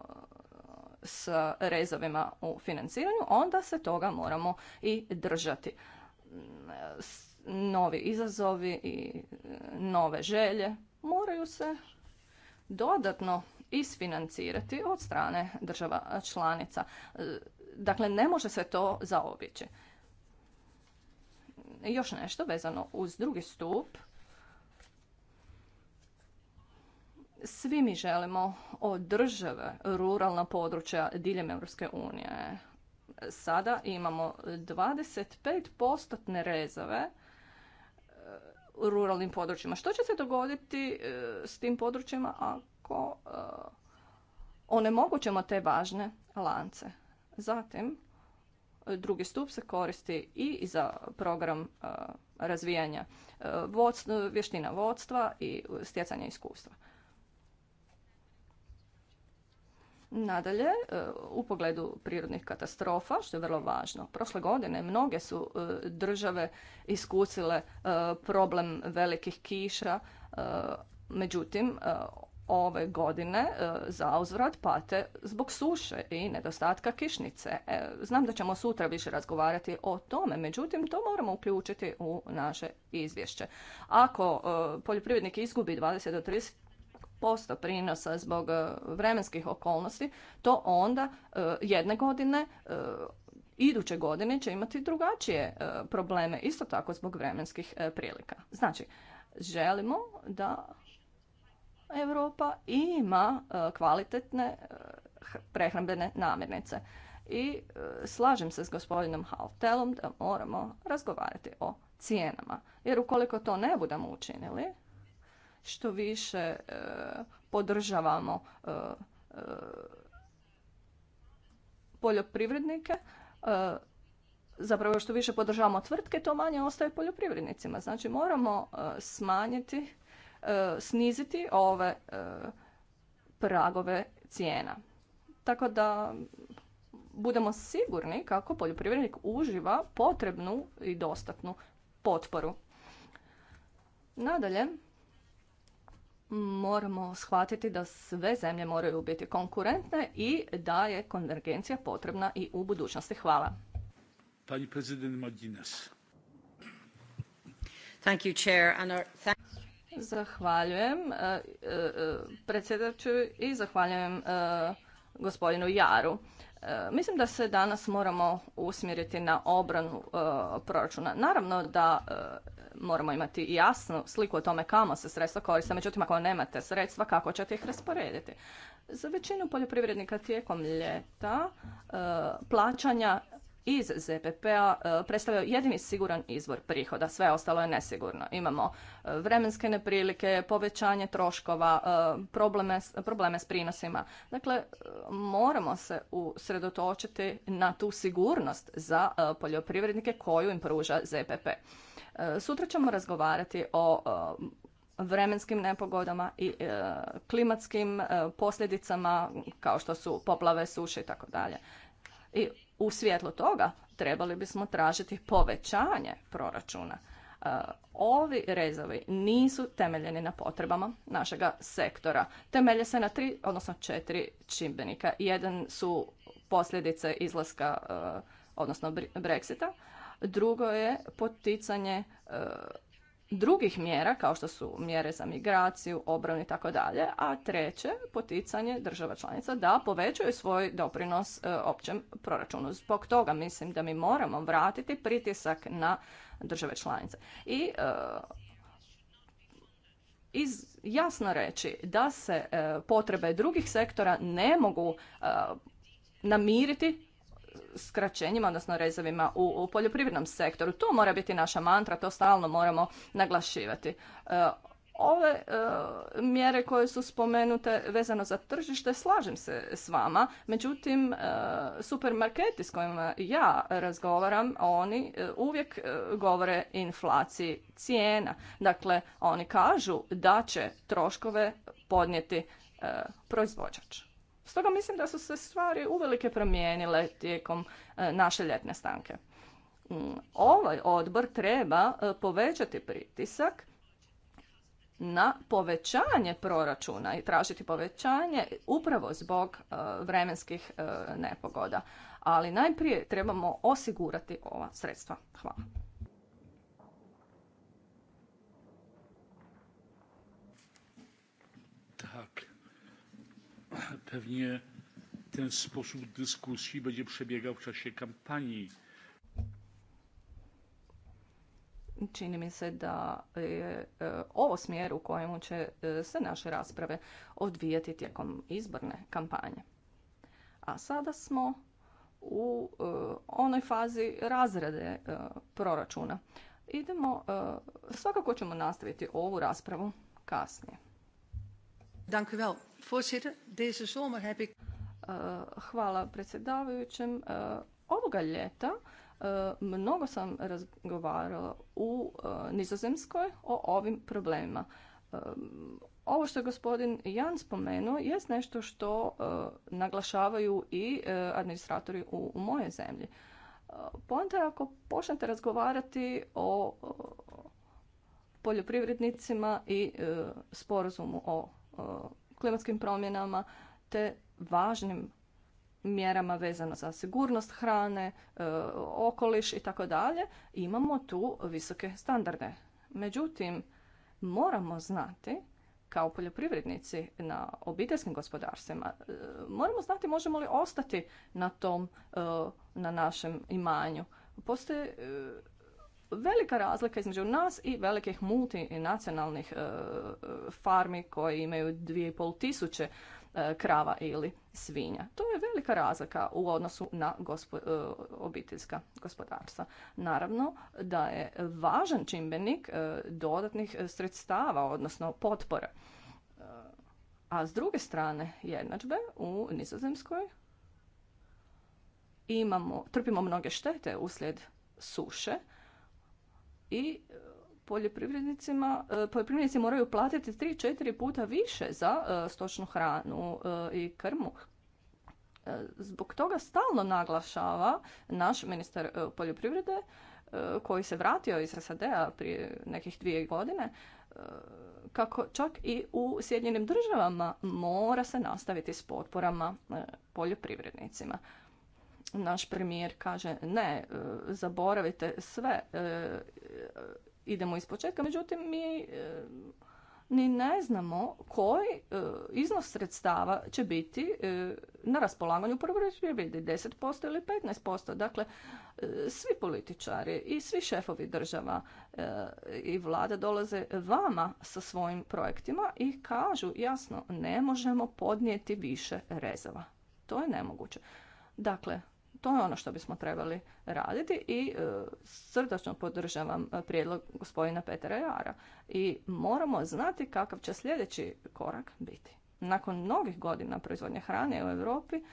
s rezovima u financiranju, onda se toga moramo i držati novi izazovi i e, nove želje moraju se dodatno isfinancirati od strane država članica. E, dakle, ne može se to zaobići. Još nešto vezano uz drugi stup. Svi mi želimo države ruralna područja diljem Europske unije sada imamo 25% rezove e, u ruralnim područjima. Što će se dogoditi e, s tim područjima ako e, onemogućemo te važne lance? Zatim, drugi stup se koristi i za program razvijanja vještina vodstva i stjecanja iskustva. Nadalje, e, u pogledu prirodnih katastrofa, što je vrlo važno, prošle godine mnoge su e, države iskusile e, problem velikih kiša, međutim, ove godine za uzvrat pate zbog suše i nedostatka kišnice. Znam da ćemo sutra više razgovarati o tome, međutim to moramo uključiti u naše izvješće. Ako poljoprivrednik izgubi 20 do 30 posto prinosa zbog e, vremenskih okolnosti, to onda e, jedne godine e, iduće godine će imati drugačije probleme, isto tako zbog vremenskih prilika. Znači, želimo da Europa ima kvalitetne prehrambene namirnice. I slažem se s gospodinom Haltelom da moramo razgovarati o cijenama. Jer ukoliko to ne budemo učinili, što više e, podržavamo e, e, poljoprivrednike, zapravo što više podržavamo tvrtke, to manje ostaje poljoprivrednicima. Znači moramo smanjiti, sniziti ove pragove cijena. Tako da budemo sigurni kako poljoprivrednik uživa potrebnu i dostatnu potporu. Nadalje, moramo shvatiti da sve zemlje moraju biti konkurentne i da je konvergencija potrebna i u budućnosti. Hvala. Pani Thank you, Zahvaljujem e, e, e, predsjedaču i zahvaljujem gospodinu Jaru. E, mislim da se danas moramo usmjeriti na obranu e, proračuna. Naravno da e, moramo imati jasnu sliku o tome kamo se sredstva koriste, međutim ako nemate sredstva kako ćete ih rasporediti. Za većinu poljoprivrednika tijekom ljeta plaćanja iz ZPP-a e, predstavljaju jedini siguran izvor prihoda, sve ostalo je nesigurno. Imamo e, vremenske neprilike, povećanje troškova, e, probleme, s prinosima. Dakle, moramo se usredotočiti na tu sigurnost za poljoprivrednike koju im pruža ZPP. Sutra ćemo razgovarati o vremenskim nepogodama i klimatskim posljedicama kao što su poplave, suše i tako dalje. I u svjetlu toga trebali bismo tražiti povećanje proračuna. E, ovi rezovi nisu temeljeni na potrebama našega sektora. Temelje se na tri, odnosno četiri čimbenika. Jedan su posljedice izlaska, e, odnosno Brexita. Drugo je poticanje e, drugih mjera kao što su mjere za migraciju, obranu i tako dalje, a treće poticanje država članica da povećaju svoj doprinos e, općem proračunu. Zbog toga mislim da mi moramo vratiti pritisak na države članice. I e, iz, jasno reći da se e, potrebe drugih sektora ne mogu namiriti skraćenjima, odnosno rezovima u, u poljoprivrednom sektoru. To mora biti naša mantra, to stalno moramo naglašivati. E, ove e, mjere koje su spomenute vezano za tržište, slažem se s vama. Međutim, e, supermarketi s kojima ja razgovaram, oni uvijek govore inflaciji cijena. Dakle, oni kažu da će troškove podnijeti proizvođač. Stoga mislim da su se stvari uvelike promijenile tijekom e, naše ljetne stanke. Mm, ovaj odbor treba e, povećati pritisak na povećanje proračuna i tražiti povećanje upravo zbog e, vremenskih nepogoda. Ali najprije trebamo osigurati ova sredstva. Hvala pewnie ten sposób dyskusji będzie przebiegał w czasie kampanii. Čini mi se da je e, ovo smjer u kojemu će e, se naše rasprave odvijati tijekom izborne kampanje. A sada smo u e, onoj fazi razrede proračuna. Idemo, svakako ćemo nastaviti ovu raspravu kasnije. Dank u eh, Hvala predsjedavajućem. Eh, ovoga ljeta eh, mnogo sam razgovarala u Nizozemskoj o ovim problemima. Ovo što je gospodin Jan spomenuo je nešto što naglašavaju i administratori u moje zemlji. Poenta je ako počnete razgovarati o poljoprivrednicima i sporazumu o klimatskim promjenama te važnim mjerama vezano za sigurnost hrane, e, okoliš i tako dalje, imamo tu visoke standarde. Međutim, moramo znati kao poljoprivrednici na obiteljskim gospodarstvima, e, moramo znati možemo li ostati na tom, e, na našem imanju. Postoje velika razlika između nas i velikih multinacionalnih e, farmi koji imaju pol tisuće e, krava ili svinja. To je velika razlika u odnosu na gospo, e, obiteljska gospodarstva. Naravno da je važan čimbenik dodatnih sredstava, odnosno potpora. A s druge strane jednadžbe u Nizozemskoj imamo, trpimo mnoge štete uslijed suše, i e, poljoprivrednicima, e, poljoprivrednici moraju platiti 3-4 puta više za e, stočnu hranu i krmu. Zbog toga stalno naglašava naš ministar poljoprivrede koji se vratio iz SAD-a prije nekih dvije godine, kako čak i u Sjedinjenim državama mora se nastaviti s potporama poljoprivrednicima. Naš premijer kaže ne, zaboravite sve E, idemo ispočetka međutim mi e, ni ne znamo koji e, iznos sredstava će biti na raspolaganju vidi 10% ili 15%. Dakle, svi političari i svi šefovi država i vlada dolaze vama sa svojim projektima i kažu jasno ne možemo podnijeti više rezova. To je nemoguće. Dakle, to je ono što bismo trebali raditi i e, srdačno podržavam e, prijedlog gospodina Petera Jara. I moramo znati kakav će sljedeći korak biti. Nakon mnogih godina proizvodnje hrane u Europi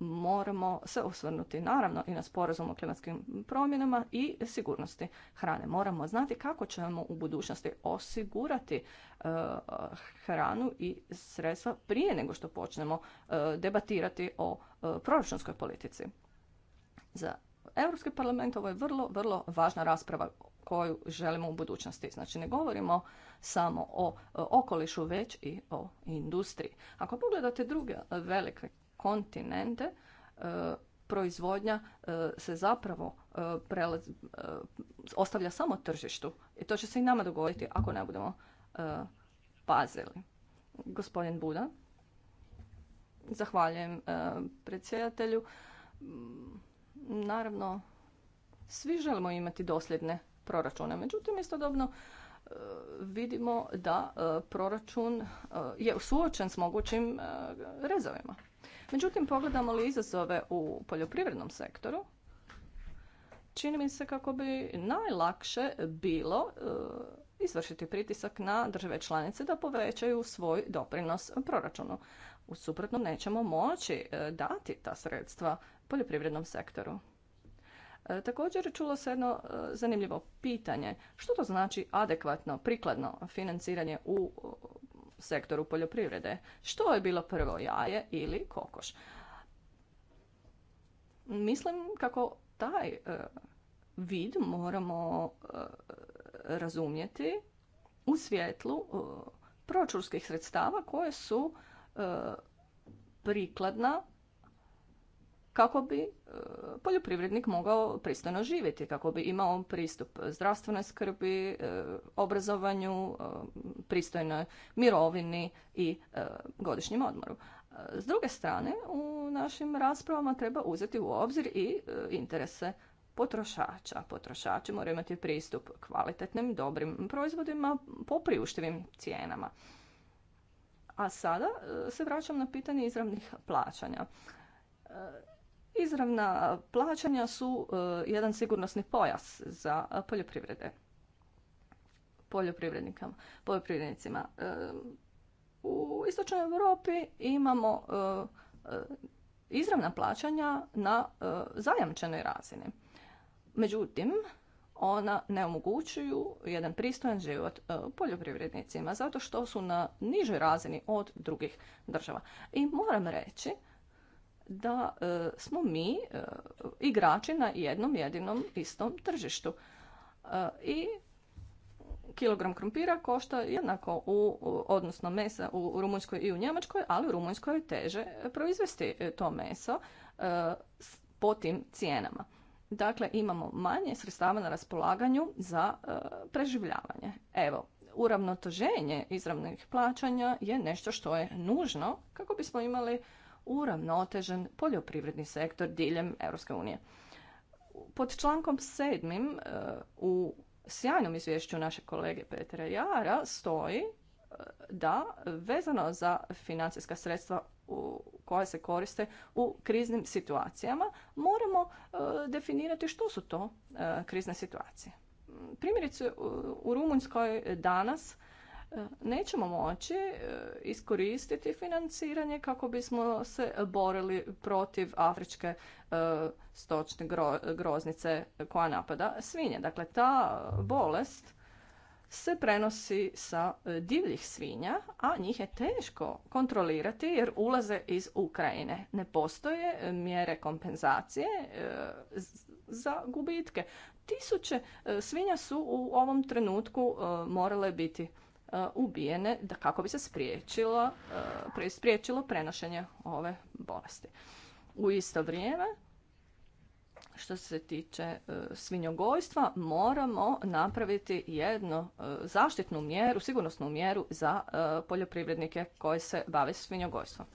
moramo se osvrnuti naravno i na sporazum o klimatskim promjenama i sigurnosti hrane. Moramo znati kako ćemo u budućnosti osigurati e, hranu i sredstva prije nego što počnemo e, debatirati o e, proračunskoj politici. Za Europski parlament ovo je vrlo, vrlo važna rasprava koju želimo u budućnosti. Znači ne govorimo samo o e, okolišu, već i o industriji. Ako pogledate druge velike kontinente proizvodnja e, se zapravo e, e, ostavlja samo tržištu. I to će se i nama dogoditi ako ne budemo pazili. Gospodin Buda. Zahvaljujem predsjedatelju. Mm, naravno, svi želimo imati dosljedne proračune. Međutim, istodobno vidimo da proračun je suočen s mogućim rezovima. Međutim, pogledamo li izazove u poljoprivrednom sektoru, čini mi se kako bi najlakše bilo e, izvršiti pritisak na države članice da povećaju svoj doprinos proračunu. U suprotnom nećemo moći e, dati ta sredstva poljoprivrednom sektoru. E, također čulo se jedno zanimljivo pitanje. Što to znači adekvatno, prikladno financiranje u sektoru poljoprivrede. Što je bilo prvo, jaje ili kokoš? Mislim kako taj e, vid moramo e, razumjeti u svjetlu e, pročurskih sredstava koje su prikladna kako bi e, poljoprivrednik mogao pristojno živjeti, kako bi imao pristup zdravstvenoj skrbi, e, obrazovanju, e, pristojnoj mirovini i godišnjem odmoru. S druge strane, u našim raspravama treba uzeti u obzir i interese potrošača. Potrošači moraju imati pristup kvalitetnim, dobrim proizvodima po priuštivim cijenama. A sada se vraćam na pitanje izravnih plaćanja Izravna plaćanja su e, jedan sigurnosni pojas za poljoprivrede. Poljoprivrednikama, poljoprivrednicima. E, u istočnoj Europi imamo e, izravna plaćanja na zajamčenoj razini. Međutim, ona ne omogućuju jedan pristojan život poljoprivrednicima zato što su na nižoj razini od drugih država. I moram reći da e, smo mi e, igrači na jednom jedinom istom tržištu. E, I kilogram krompira košta jednako u, odnosno mesa u Rumunjskoj i u Njemačkoj, ali u Rumunjskoj je teže proizvesti to meso po tim cijenama. Dakle, imamo manje sredstava na raspolaganju za preživljavanje. Evo, uravnoteženje izravnih plaćanja je nešto što je nužno kako bismo imali uravnotežen poljoprivredni sektor diljem Europske unije. Pod člankom sedmim e, u sjajnom izvješću našeg kolege Petra Jara stoji e, da vezano za financijska sredstva koja se koriste u kriznim situacijama moramo e, definirati što su to krizne situacije. Primjerice u Rumunjskoj danas nećemo moći e, iskoristiti financiranje kako bismo se borili protiv afričke e, stočne groznice koja napada svinje. Dakle, ta bolest se prenosi sa e, divljih svinja, a njih je teško kontrolirati jer ulaze iz Ukrajine. Ne postoje mjere kompenzacije za gubitke. Tisuće svinja su u ovom trenutku morale biti E, ubijene da kako bi se spriječilo, e, spriječilo prenošenje ove bolesti. U isto vrijeme, što se tiče e, svinjogojstva, moramo napraviti jednu zaštitnu mjeru, sigurnosnu mjeru za poljoprivrednike koji se bave svinjogojstvom.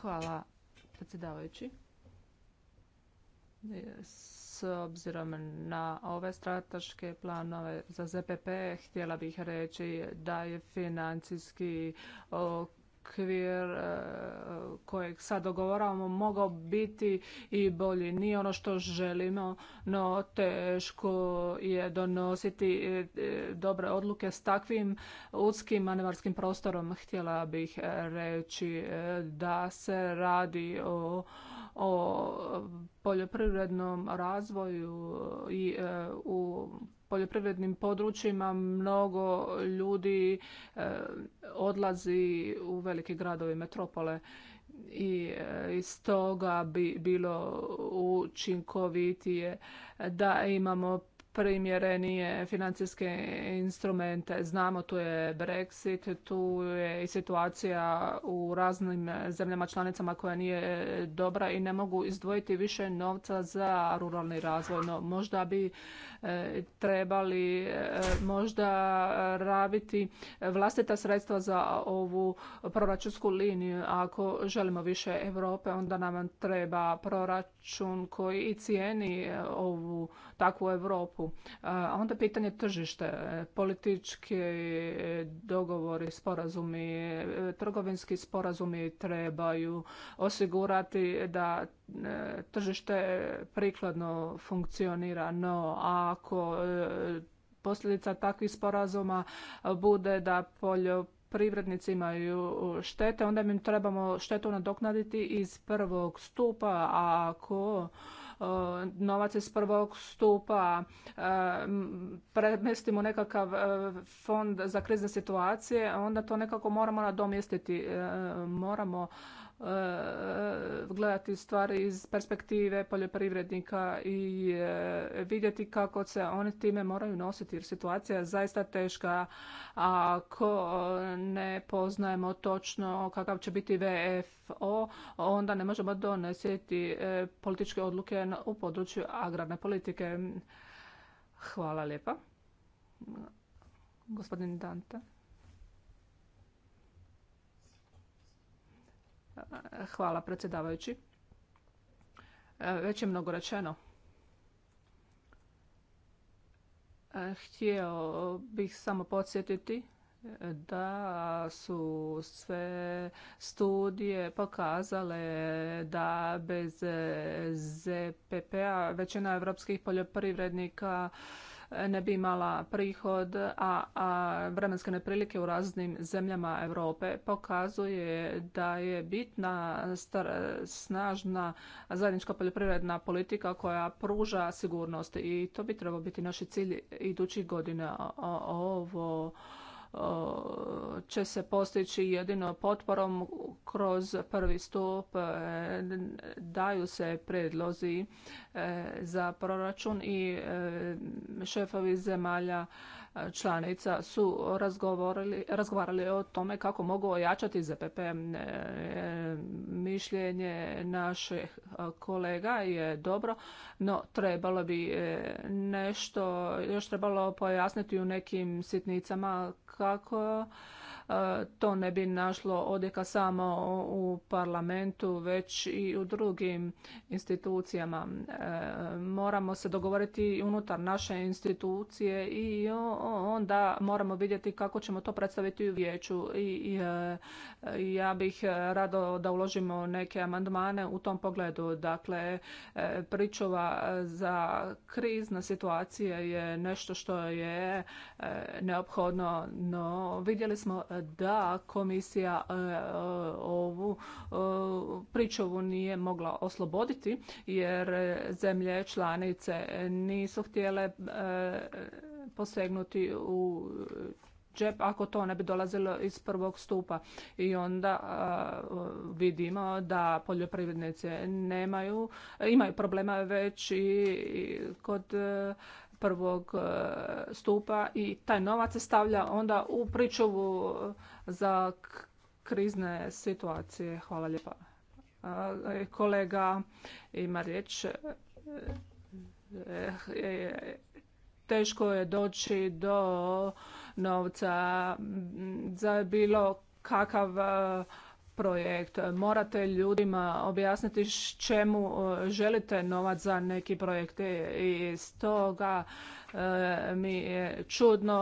Hvala predsjedavajući s obzirom na ove strateške planove za ZPP htjela bih reći da je financijski okvir e, kojeg sad dogovaramo mogao biti i bolji. Nije ono što želimo, no teško je donositi e, e, dobre odluke s takvim uskim manevarskim prostorom. Htjela bih reći da se radi o o poljoprivrednom razvoju i e, u poljoprivrednim područjima mnogo ljudi e, odlazi u velike gradove metropole i e, iz toga bi bilo učinkovitije da imamo primjerenije financijske instrumente. Znamo tu je Brexit, tu je i situacija u raznim zemljama članicama koja nije dobra i ne mogu izdvojiti više novca za ruralni razvoj. No, možda bi e, trebali e, možda raviti vlastita sredstva za ovu proračunsku liniju. Ako želimo više Europe, onda nam treba proračun koji i cijeni ovu takvu Europu a onda pitanje tržište, politički e, dogovori, sporazumi, e, trgovinski sporazumi trebaju osigurati da e, tržište prikladno funkcionira, no ako posljedica takvih sporazuma bude da poljoprivrednici imaju štete, onda im trebamo štetu nadoknaditi iz prvog stupa, a ako novac iz prvog stupa premestimo nekakav e, fond za krizne situacije, onda to nekako moramo nadomjestiti. E, moramo Eh, gledati stvari iz perspektive poljoprivrednika i eh, vidjeti kako se oni time moraju nositi jer situacija je zaista teška ako ne poznajemo točno kakav će biti VFO onda ne možemo donesiti eh, političke odluke u području agrarne politike. Hvala lijepa. Gospodin Dante. Hvala predsjedavajući. E, već je mnogo rečeno. E, htio bih samo podsjetiti e, da su sve studije pokazale da bez ZPP-a većina evropskih poljoprivrednika ne bi imala prihod, a, a vremenske neprilike u raznim zemljama Europe pokazuje da je bitna star, snažna zajednička poljoprivredna politika koja pruža sigurnost i to bi trebao biti naš cilj idućih godina. Ovo će se postići jedino potporom kroz prvi stup. E, daju se predlozi e, za proračun i e, šefovi zemalja članica su razgovarali o tome kako mogu ojačati ZPP. E, mišljenje naših e, kolega je dobro, no trebalo bi e, nešto, još trebalo pojasniti u nekim sitnicama kako E, to ne bi našlo odjeka samo u parlamentu već i u drugim institucijama. E, moramo se dogovoriti unutar naše institucije i onda moramo vidjeti kako ćemo to predstaviti u vijeću. I e, ja bih rado da uložimo neke amandmane u tom pogledu. Dakle, pričuva za krizna situacije je nešto što je neophodno, no vidjeli smo da komisija e, e, ovu e, pričovu nije mogla osloboditi jer zemlje članice nisu htjele posegnuti u džep ako to ne bi dolazilo iz prvog stupa i onda vidimo da poljoprivrednice nemaju imaju problema već i kod prvog e, stupa i taj novac se stavlja onda u pričuvu za krizne situacije. Hvala lijepa. E, kolega ima riječ. E, teško je doći do novca za bilo kakav projekt. Morate ljudima objasniti čemu e, želite novac za neki projekt i stoga e, mi je čudno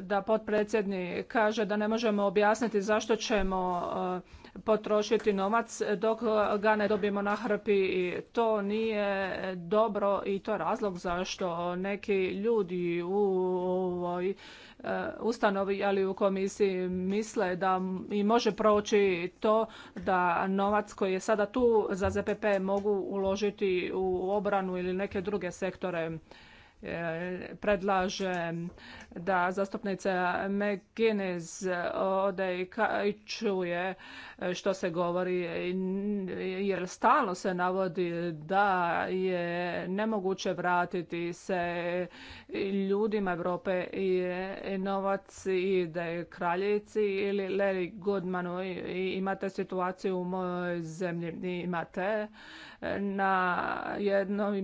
da potpredsjednik kaže da ne možemo objasniti zašto ćemo e, potrošiti novac dok ga ne dobijemo na hrpi i to nije dobro i to je razlog zašto neki ljudi u ovoj e, ustanovi ali u komisiji misle da i može proći to da novac koji je sada tu za ZPP mogu uložiti u obranu ili neke druge sektore predlažem da zastupnica McGuinness ode i čuje što se govori jer stalno se navodi da je nemoguće vratiti se ljudima Europe i novac je kraljici ili Larry Goodmanu i imate situaciju u mojoj zemlji imate na jednom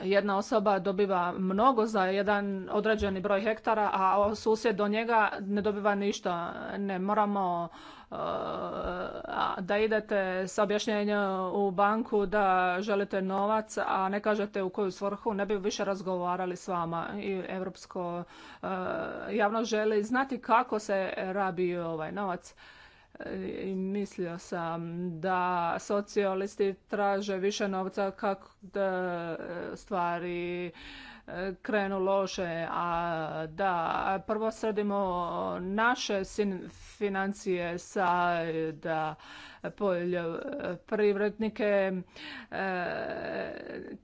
jedna osoba dobiva mnogo za jedan određeni broj hektara, a susjed do njega ne dobiva ništa. Ne moramo eh, da idete sa objašnjenjem u banku da želite novac, a ne kažete u koju svrhu, ne bi više razgovarali s vama. I Evropsko eh, javno želi znati kako se rabi ovaj novac i mislio sam da socijalisti traže više novca kako da e, stvari e, krenu loše, a da prvo sredimo naše financije sa e, da poljoprivrednike eh,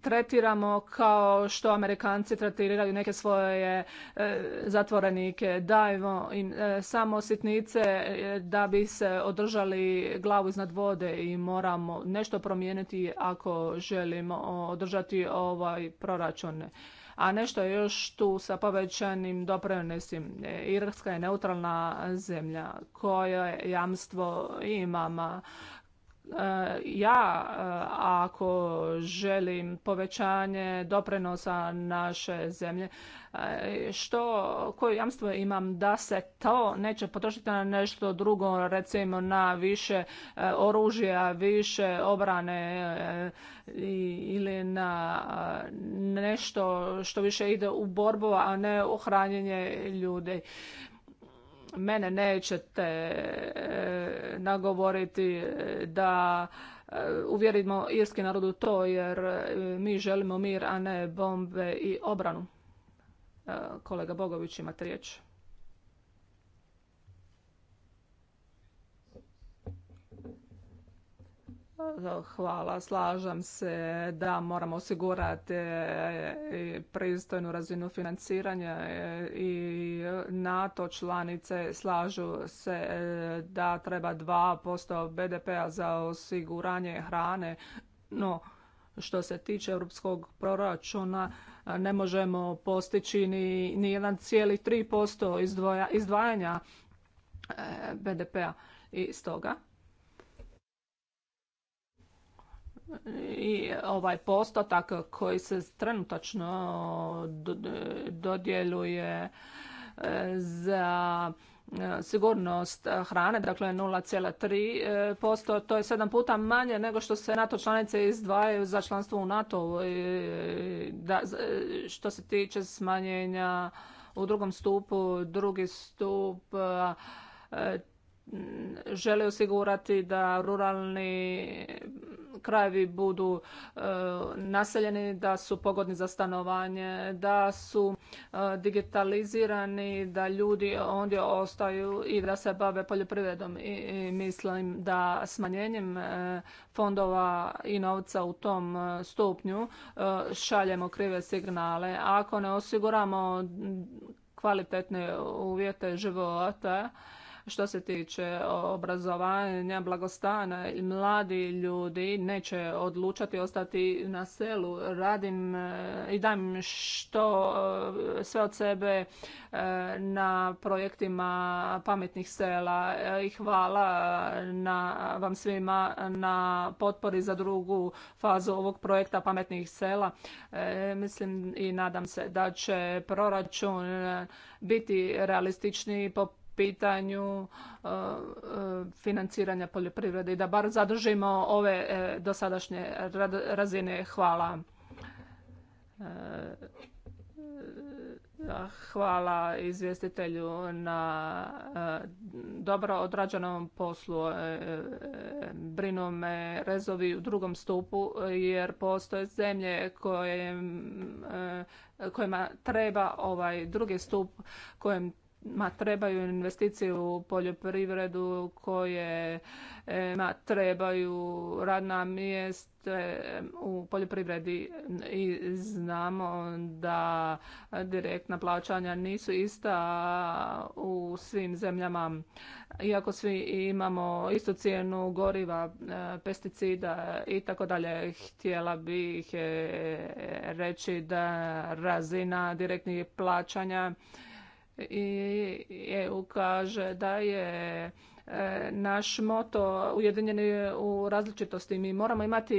tretiramo kao što Amerikanci tretiraju neke svoje eh, zatvorenike. Dajemo im eh, samo sitnice da bi se održali glavu iznad vode i moramo nešto promijeniti ako želimo održati ovaj proračun a nešto je još tu sa povećanim doprinosim. Irska je neutralna zemlja koja jamstvo imama E, ja e, ako želim povećanje doprinosa naše zemlje e, što koje jamstvo imam da se to neće potrošiti na nešto drugo recimo na više oružja više obrane ili na nešto što više ide u borbu a ne u hranjenje ljudi mene nećete e, nagovoriti e, da e, uvjerimo irski narod u to jer mi želimo mir, a ne bombe i obranu. Kolega Bogović imate riječ. Hvala, slažem se da moramo osigurati e, pristojnu razinu financiranja e, i NATO članice slažu se e, da treba 2% BDP-a za osiguranje hrane, no što se tiče europskog proračuna ne možemo postići ni, ni 1,3% izdvajanja BDP-a i stoga i ovaj postotak koji se trenutačno dodjeljuje e, za e, sigurnost hrane, dakle 0,3%, to je sedam puta manje nego što se NATO članice izdvajaju za članstvo u NATO, e, što se tiče smanjenja u drugom stupu, drugi stup želi osigurati da ruralni krajevi budu e, naseljeni, da su pogodni za stanovanje, da su e, digitalizirani, da ljudi ondje ostaju i da se bave poljoprivredom. I mislim da smanjenjem e, fondova i novca u tom stupnju šaljemo krive signale. Ako ne osiguramo kvalitetne uvjete života, što se tiče obrazovanja, blagostana, mladi ljudi neće odlučati ostati na selu. Radim e, i dajem što e, sve od sebe e, na projektima pametnih sela i hvala na, vam svima na potpori za drugu fazu ovog projekta pametnih sela. Mislim i nadam se da će proračun biti realističniji po pitanju e, e, financiranja poljoprivrede i da bar zadržimo ove e, dosadašnje razine. Hvala. hvala izvjestitelju na dobro odrađenom poslu. Brinu me rezovi u drugom stupu jer postoje zemlje koje, kojima treba ovaj drugi stup kojem ma trebaju investicije u poljoprivredu koje e, ma trebaju radna mjesta e, u poljoprivredi i znamo da direktna plaćanja nisu ista u svim zemljama iako svi imamo istu cijenu goriva, e, pesticida i tako dalje. Htjela bih reći da razina direktnih plaćanja i EU kaže da je e, naš moto ujedinjeni u različitosti. Mi moramo imati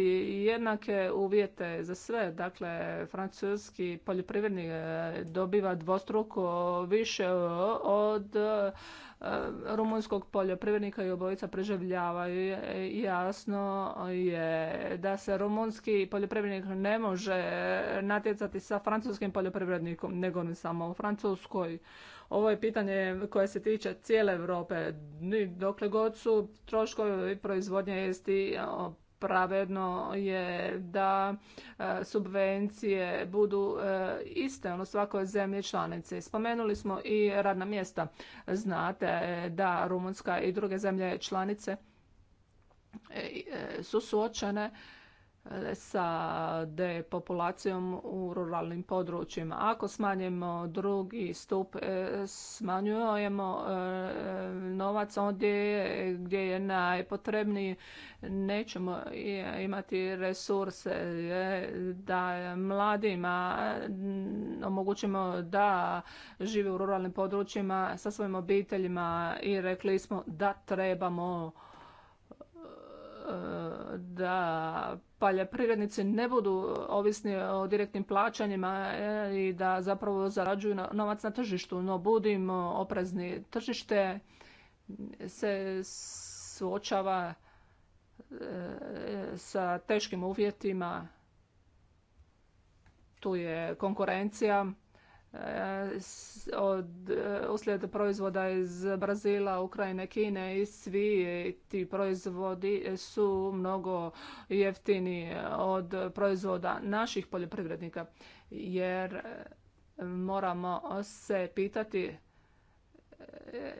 jednake uvjete za sve. Dakle, francuski poljoprivrednik e, dobiva dvostruko više od E, rumunjskog poljoprivrednika i obojica preživljavaju. E, jasno je da se rumunski poljoprivrednik ne može natjecati sa francuskim poljoprivrednikom, nego ne samo u Francuskoj. Ovo je pitanje koje se tiče cijele Europe. Dokle god su troškovi proizvodnje isti, pravedno je da e, subvencije budu e, iste u ono, svakoj zemlji članice. Spomenuli smo i radna mjesta. Znate da Rumunska i druge zemlje članice e, su suočene sa depopulacijom u ruralnim područjima. Ako smanjimo drugi stup, e, smanjujemo e, novac ondje gdje je najpotrebniji. Nećemo imati resurse e, da mladima omogućimo da žive u ruralnim područjima sa svojim obiteljima i rekli smo da trebamo da poljoprivrednici ne budu ovisni o direktnim plaćanjima e, i da zapravo zarađuju novac na tržištu, no budimo oprezni. Tržište se suočava e, sa teškim uvjetima, tu je konkurencija od e, uslijed proizvoda iz Brazila, Ukrajine, Kine i svi ti proizvodi su mnogo jeftini od proizvoda naših poljoprivrednika jer e, moramo se pitati e,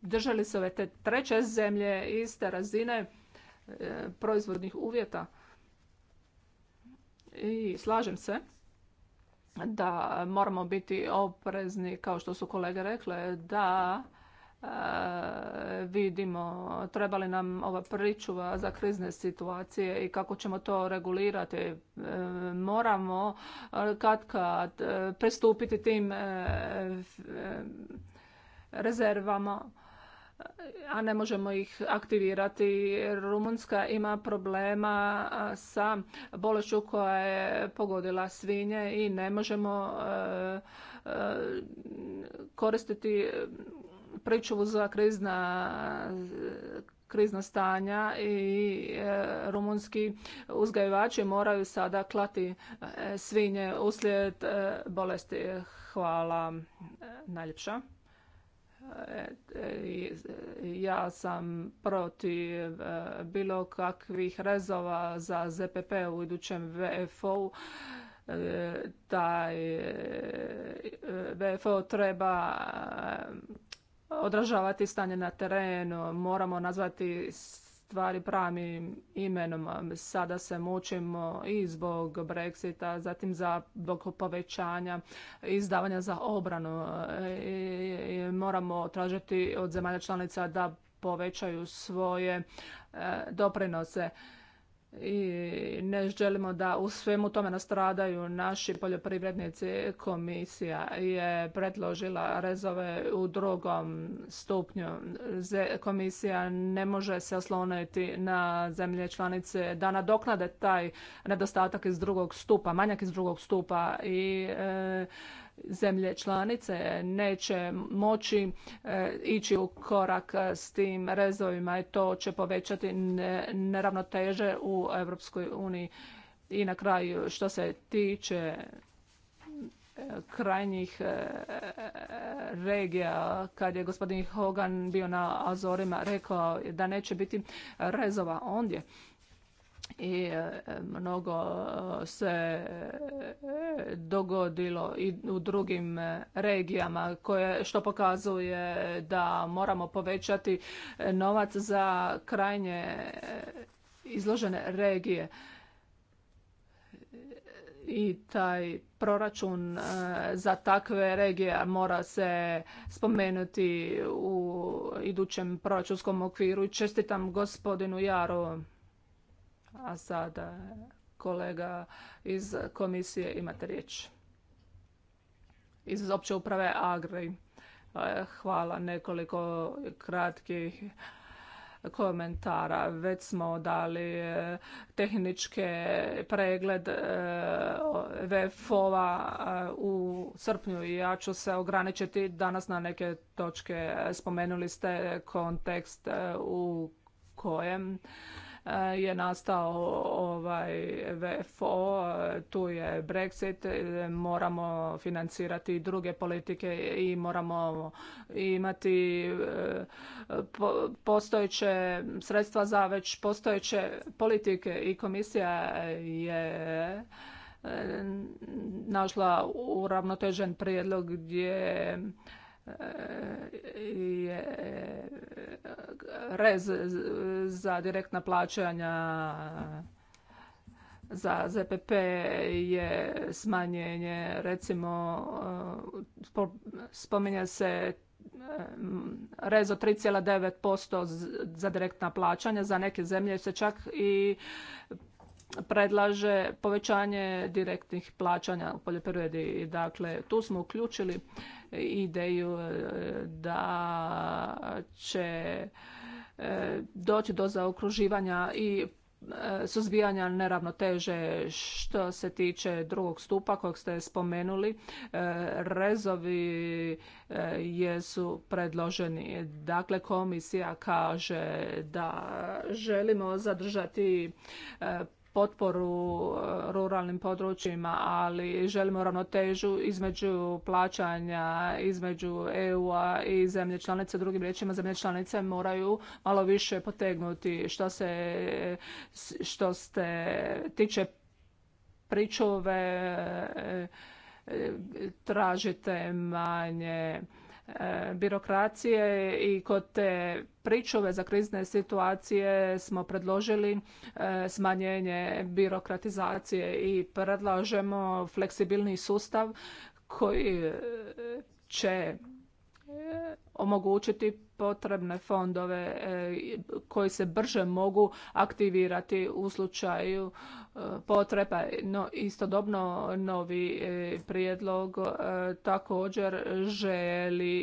držali se ove treće zemlje iste razine proizvodnih uvjeta i slažem se da moramo biti oprezni, kao što su kolege rekle, da e, vidimo treba li nam ova pričuva za krizne situacije i kako ćemo to regulirati. E, moramo e, kad kad pristupiti tim rezervama a ne možemo ih aktivirati. Rumunska ima problema sa bolešću koja je pogodila svinje i ne možemo e, e, koristiti pričuvu za krizna krizna stanja i e, rumunski uzgajivači moraju sada klati svinje uslijed bolesti. Hvala najljepša ja sam protiv e, bilo kakvih rezova za ZPP u idućem VFO-u. E, taj e, VFO treba odražavati stanje na terenu. Moramo nazvati stvari pravim imenom. Sada se mučimo i zbog Brexita, zatim zbog povećanja izdavanja za obranu. E, e, moramo tražiti od zemalja članica da povećaju svoje e, doprinose i ne želimo da u svemu tome nastradaju naši poljoprivrednici. Komisija je predložila rezove u drugom stupnju. Komisija ne može se osloniti na zemlje članice da nadoknade taj nedostatak iz drugog stupa, manjak iz drugog stupa i e, zemlje članice neće moći e, ići u korak s tim rezovima i to će povećati neravnoteže u Europskoj uniji. I na kraju što se tiče e, krajnjih e, regija kad je gospodin Hogan bio na Azorima rekao da neće biti rezova ondje i e, mnogo e, se e, dogodilo i u drugim regijama koje, što pokazuje da moramo povećati novac za krajnje izložene regije i taj proračun za takve regije mora se spomenuti u idućem proračunskom okviru i čestitam gospodinu Jaru a sada kolega iz komisije imate riječ. Iz opće uprave Agri. E, hvala nekoliko kratkih komentara. Već smo dali e, tehničke pregled e, VF-ova u srpnju i ja ću se ograničiti danas na neke točke. Spomenuli ste kontekst u kojem Eh, je nastao ovaj VFO, eh, tu je Brexit, eh, moramo financirati druge politike i moramo imati postojeće sredstva za već postojeće politike i komisija je našla uravnotežen prijedlog gdje je e, rez za direktna plaćanja za ZPP je smanjenje, recimo e, spominje se e, rez od 3,9% za direktna plaćanja, za neke zemlje se čak i predlaže povećanje direktnih plaćanja u poljoprivredi. Dakle, tu smo uključili ideju e, da će e, doći do zaokruživanja i e, suzbijanja neravnoteže što se tiče drugog stupa kojeg ste spomenuli. Rezovi jesu predloženi. Dakle, komisija kaže da želimo zadržati potporu e, ruralnim područjima, ali želimo ravnotežu između plaćanja, između EU-a i zemlje članice. Drugim riječima, zemlje članice moraju malo više potegnuti što se što ste tiče pričuve e, tražite manje E, birokracije i kod te pričove za krizne situacije smo predložili e, smanjenje birokratizacije i predlažemo fleksibilni sustav koji će omogućiti potrebne fondove e, koji se brže mogu aktivirati u slučaju e, potreba. No, istodobno novi e, prijedlog također želi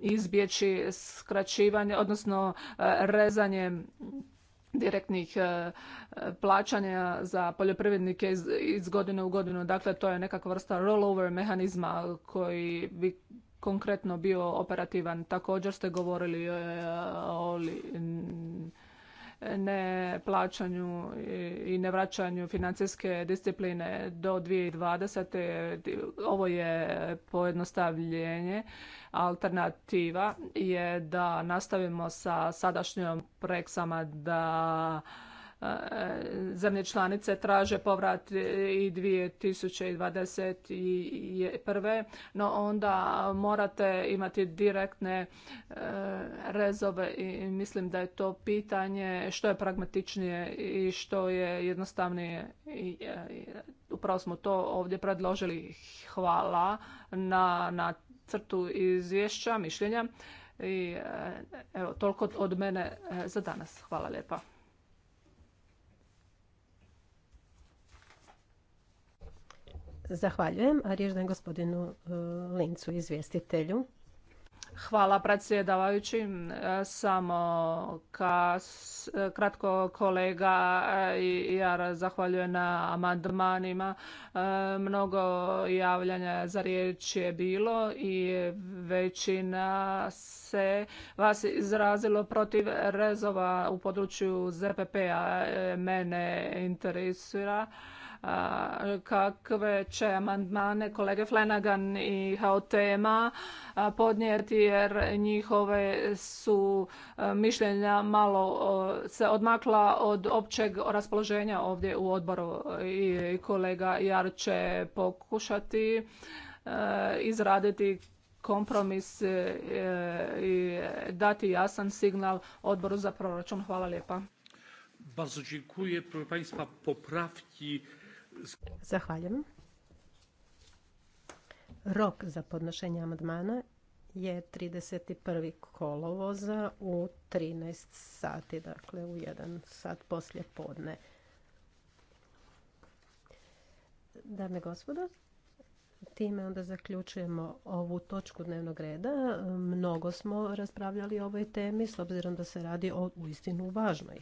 izbjeći skraćivanje, odnosno rezanje direktnih e, e, plaćanja za poljoprivrednike iz godine u godinu. Dakle, to je nekakva vrsta rollover mehanizma koji bi konkretno bio operativan. Također ste govorili o ne plaćanju i vraćanju financijske discipline do 2020. Ovo je pojednostavljenje. Alternativa je da nastavimo sa sadašnjom preksama da zemlje članice traže povrat i 2021. No onda morate imati direktne e, rezove i mislim da je to pitanje što je pragmatičnije i što je jednostavnije. E, upravo smo to ovdje predložili. Hvala na, na crtu izvješća, mišljenja. I e, evo, toliko od mene za danas. Hvala lijepa. Zahvaljujem, a gospodinu e, Lincu, izvjestitelju. Hvala predsjedavajući. E, samo e, kratko kolega jer zahvaljujem na amandmanima. Mnogo javljanja za riječ je bilo i većina se vas izrazilo protiv rezova u području ZPP-a. Mene interesira kakve će amandmane kolege Flanagan i tema podnijeti jer njihove su mišljenja malo se odmakla od općeg raspoloženja ovdje u odboru i kolega Jar će pokušati izraditi kompromis e, i dati jasan signal odboru za proračun. Hvala lijepa. Bardzo dziękuję. poprawki Zahvaljujem. Rok za podnošenje amandmana je 31. kolovoza u 13 sati, dakle u 1 sat poslje podne. Dame i gospodo, time onda zaključujemo ovu točku dnevnog reda. Mnogo smo raspravljali o ovoj temi, s obzirom da se radi o uistinu važnoj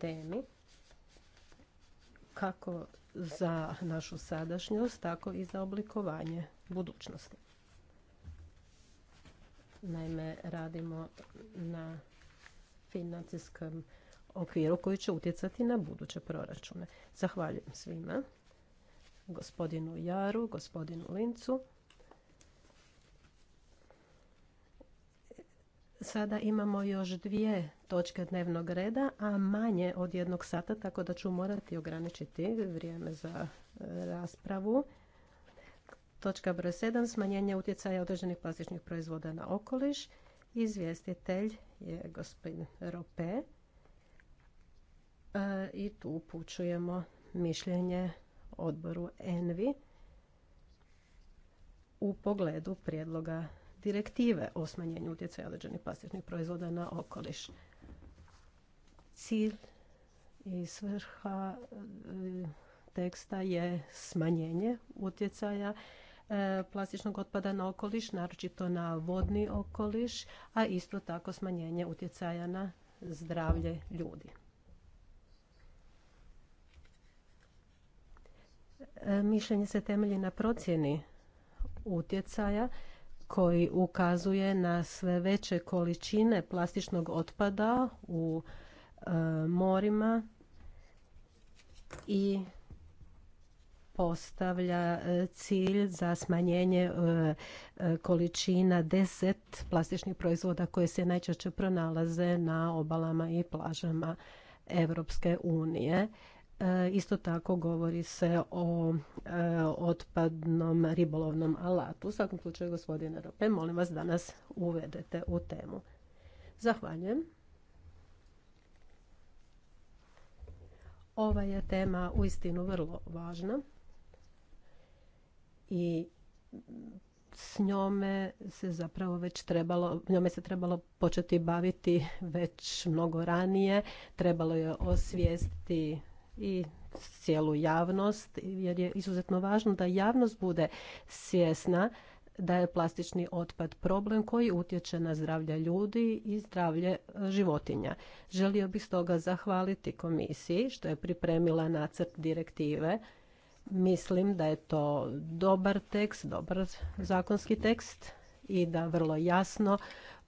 temi. Kako za našu sadašnjost, tako i za oblikovanje budućnosti. Naime, radimo na financijskom okviru koji će utjecati na buduće proračune. Zahvaljujem svima, gospodinu Jaru, gospodinu Lincu. Sada imamo još dvije točke dnevnog reda, a manje od jednog sata, tako da ću morati ograničiti vrijeme za e, raspravu. Točka broj 7. Smanjenje utjecaja određenih plastičnih proizvoda na okoliš. Izvjestitelj je gospodin Rope. E, I tu upućujemo mišljenje odboru ENVI u pogledu prijedloga direktive o smanjenju utjecaja određenih plastičnih proizvoda na okoliš. Cilj i svrha eh, teksta je smanjenje utjecaja eh, plastičnog otpada na okoliš, naročito na vodni okoliš, a isto tako smanjenje utjecaja na zdravlje ljudi. Eh, mišljenje se temelji na procjeni utjecaja koji ukazuje na sve veće količine plastičnog otpada u E, morima i postavlja e, cilj za smanjenje e, količina deset plastičnih proizvoda koje se najčešće pronalaze na obalama i plažama Europske unije. Isto tako govori se o otpadnom ribolovnom alatu. U svakom slučaju, gospodine Rope, molim vas da nas uvedete u temu. Zahvaljujem. Ova je tema uistinu vrlo važna i s njome se zapravo već trebalo, njome se trebalo početi baviti već mnogo ranije. Trebalo je osvijesti i cijelu javnost jer je izuzetno važno da javnost bude svjesna da je plastični otpad problem koji utječe na zdravlje ljudi i zdravlje e, životinja. Želio bih stoga zahvaliti komisiji što je pripremila nacrt direktive. Mislim da je to dobar tekst, dobar zakonski tekst i da vrlo jasno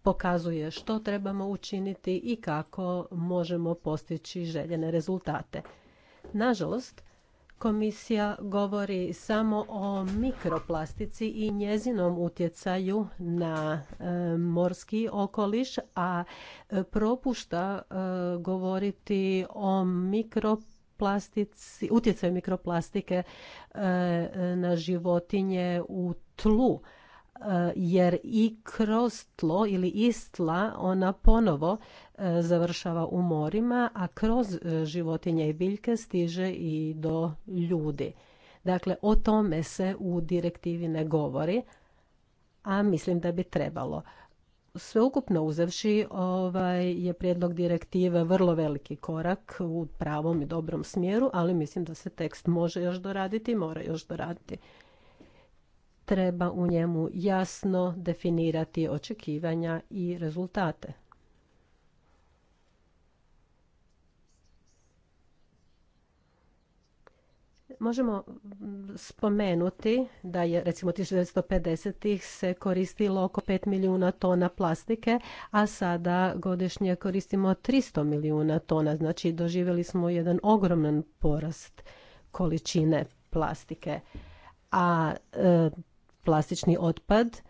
pokazuje što trebamo učiniti i kako možemo postići željene rezultate. Nažalost, Komisija govori samo o mikroplastici i njezinom utjecaju na e, morski okoliš, a e, propušta e, govoriti o mikroplastici, utjecaju mikroplastike na životinje u tlu jer i kroz tlo ili iz tla ona ponovo e, završava u morima, a kroz e, životinje i biljke stiže i do ljudi. Dakle, o tome se u direktivi ne govori, a mislim da bi trebalo. Sveukupno uzevši, ovaj je prijedlog direktive vrlo veliki korak u pravom i dobrom smjeru, ali mislim da se tekst može još doraditi i mora još doraditi treba u njemu jasno definirati očekivanja i rezultate. Možemo spomenuti da je recimo 1950-ih se koristilo oko 5 milijuna tona plastike, a sada godišnje koristimo 300 milijuna tona. Znači doživjeli smo jedan ogroman porast količine plastike. A e, plastični otpad e,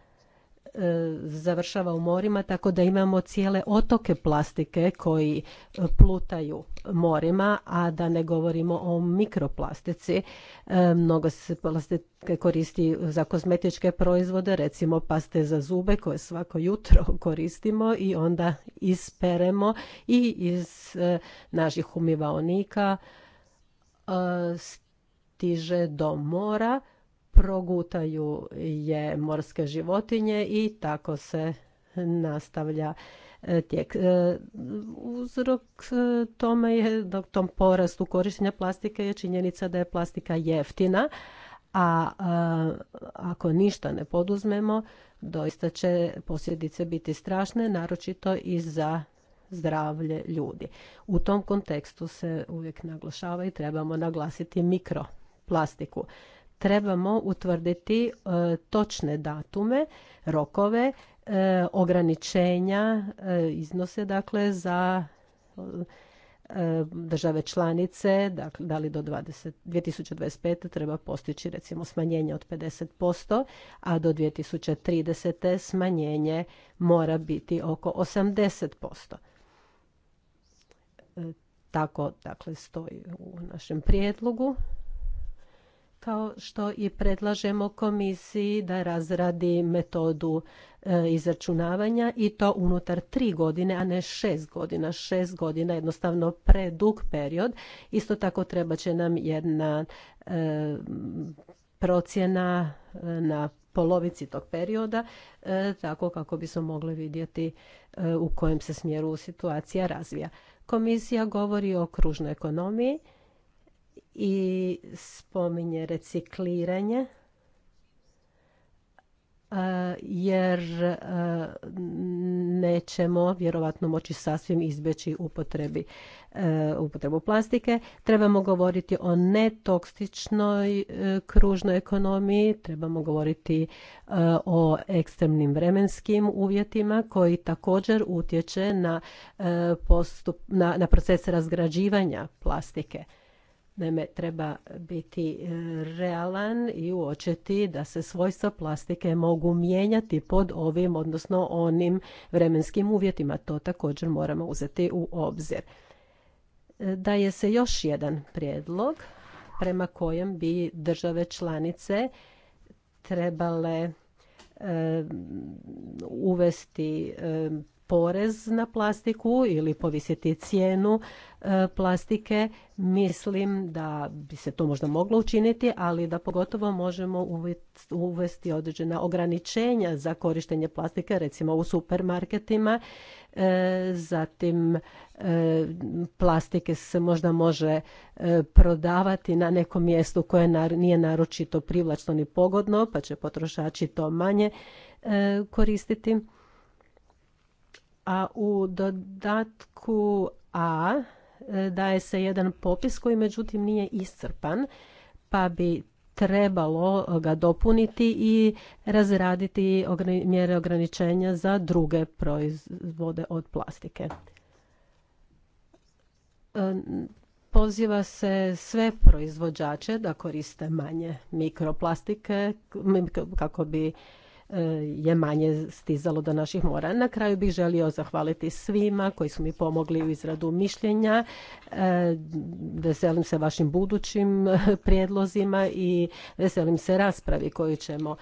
završava u morima tako da imamo cijele otoke plastike koji e, plutaju morima, a da ne govorimo o mikroplastici. E, mnogo se plastike koristi za kozmetičke proizvode, recimo paste za zube koje svako jutro koristimo i onda isperemo i iz naših umivaonika stiže do mora progutaju je morske životinje i tako se nastavlja e, tijek. E, uzrok e, tome je, tom porastu korištenja plastike je činjenica da je plastika jeftina, a, a ako ništa ne poduzmemo, doista će posljedice biti strašne, naročito i za zdravlje ljudi. U tom kontekstu se uvijek naglašava i trebamo naglasiti mikroplastiku trebamo utvrditi e, točne datume, rokove, e, ograničenja, e, iznose dakle za države članice, dakle, da li do 20, 2025. treba postići recimo smanjenje od 50%, a do 2030. smanjenje mora biti oko 80%. Tako dakle, stoji u našem prijedlogu kao što i predlažemo komisiji da razradi metodu e, izračunavanja i to unutar tri godine, a ne šest godina. Šest godina je jednostavno predug period. Isto tako treba će nam jedna e, procjena e, na polovici tog perioda, tako kako bismo mogli vidjeti u kojem se smjeru situacija razvija. Komisija govori o kružnoj ekonomiji i spominje recikliranje e, jer e, nećemo vjerojatno moći sasvim izbjeći upotrebi, e, upotrebu plastike. Trebamo govoriti o netoksičnoj kružnoj ekonomiji, trebamo govoriti o ekstremnim vremenskim uvjetima koji također utječe na, postup, na proces razgrađivanja plastike. Naime, treba biti e, realan i uočiti da se svojstva plastike mogu mijenjati pod ovim, odnosno onim vremenskim uvjetima. To također moramo uzeti u obzir. E, daje se još jedan prijedlog prema kojem bi države članice trebale e, uvesti porez na plastiku ili povisiti cijenu e, plastike. Mislim da bi se to možda moglo učiniti, ali da pogotovo možemo uvesti određena ograničenja za korištenje plastike, recimo u supermarketima. E, zatim e, plastike se možda može prodavati na nekom mjestu koje nije naročito privlačno ni pogodno, pa će potrošači to manje koristiti a u dodatku A e, daje se jedan popis koji međutim nije iscrpan, pa bi trebalo ga dopuniti i razraditi mjere ograničenja za druge proizvode od plastike. E, poziva se sve proizvođače da koriste manje mikroplastike kako bi E, je manje stizalo do naših mora. Na kraju bih želio zahvaliti svima koji su mi pomogli u izradu mišljenja. E, veselim se vašim budućim e, prijedlozima i veselim se raspravi koju ćemo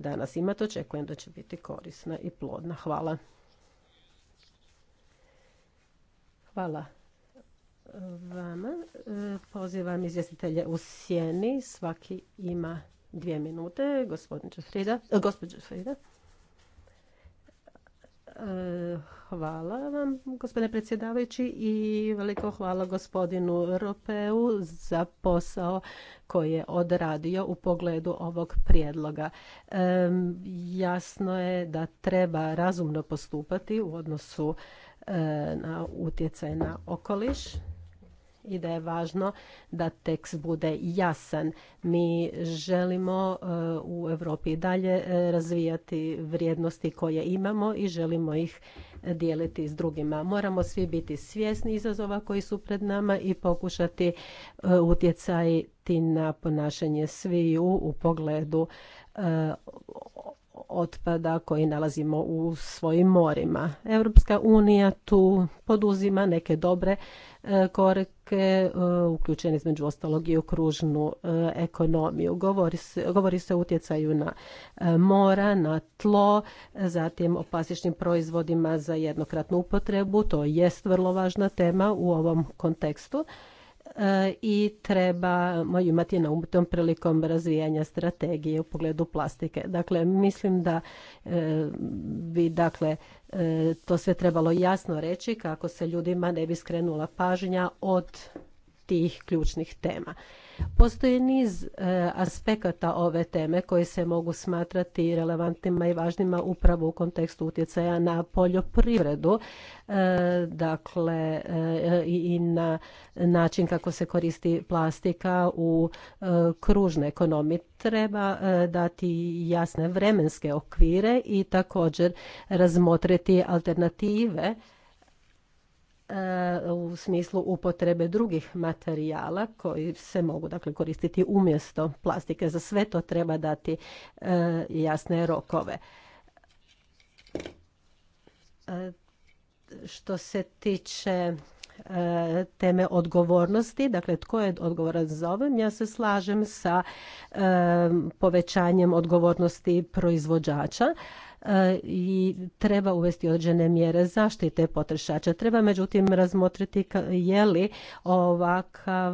danas imati. Očekujem da će biti korisna i plodna. Hvala. Hvala vama. Pozivam izvjestitelje u sjeni. Svaki ima dvije minute, gospodin e, gospođo e, Hvala vam, gospodine predsjedavajući, i veliko hvala gospodinu Ropeu za posao koji je odradio u pogledu ovog prijedloga. E, jasno je da treba razumno postupati u odnosu na utjecaj na okoliš i da je važno da tekst bude jasan. Mi želimo uh, u Europi dalje uh, razvijati vrijednosti koje imamo i želimo ih dijeliti s drugima. Moramo svi biti svjesni izazova koji su pred nama i pokušati uh, utjecati na ponašanje sviju u pogledu otpada koji nalazimo u svojim morima. Europska unija tu poduzima neke dobre e, korake, e, uključene između ostalog i u kružnu e, ekonomiju. Govori se, govori se o utjecaju na mora, na tlo, zatim o plastičnim proizvodima za jednokratnu upotrebu. To jest vrlo važna tema u ovom kontekstu. E, i trebamo imati na umu tom prilikom razvijanja strategije u pogledu plastike. Dakle, mislim da bi e, dakle, e, to sve trebalo jasno reći kako se ljudima ne bi skrenula pažnja od tih ključnih tema. Postoji niz e, aspekata ove teme koje se mogu smatrati relevantnima i važnima upravo u kontekstu utjecaja na poljoprivredu, e, dakle e, i na način kako se koristi plastika u kružnoj ekonomiji. Treba dati jasne vremenske okvire i također razmotriti alternative E, u smislu upotrebe drugih materijala koji se mogu dakle, koristiti umjesto plastike. Za sve to treba dati e, jasne rokove. E, što se tiče teme odgovornosti, dakle tko je odgovoran za ovim, ja se slažem sa povećanjem odgovornosti proizvođača E, i treba uvesti određene mjere zaštite potrošača. Treba međutim razmotriti je li ovakav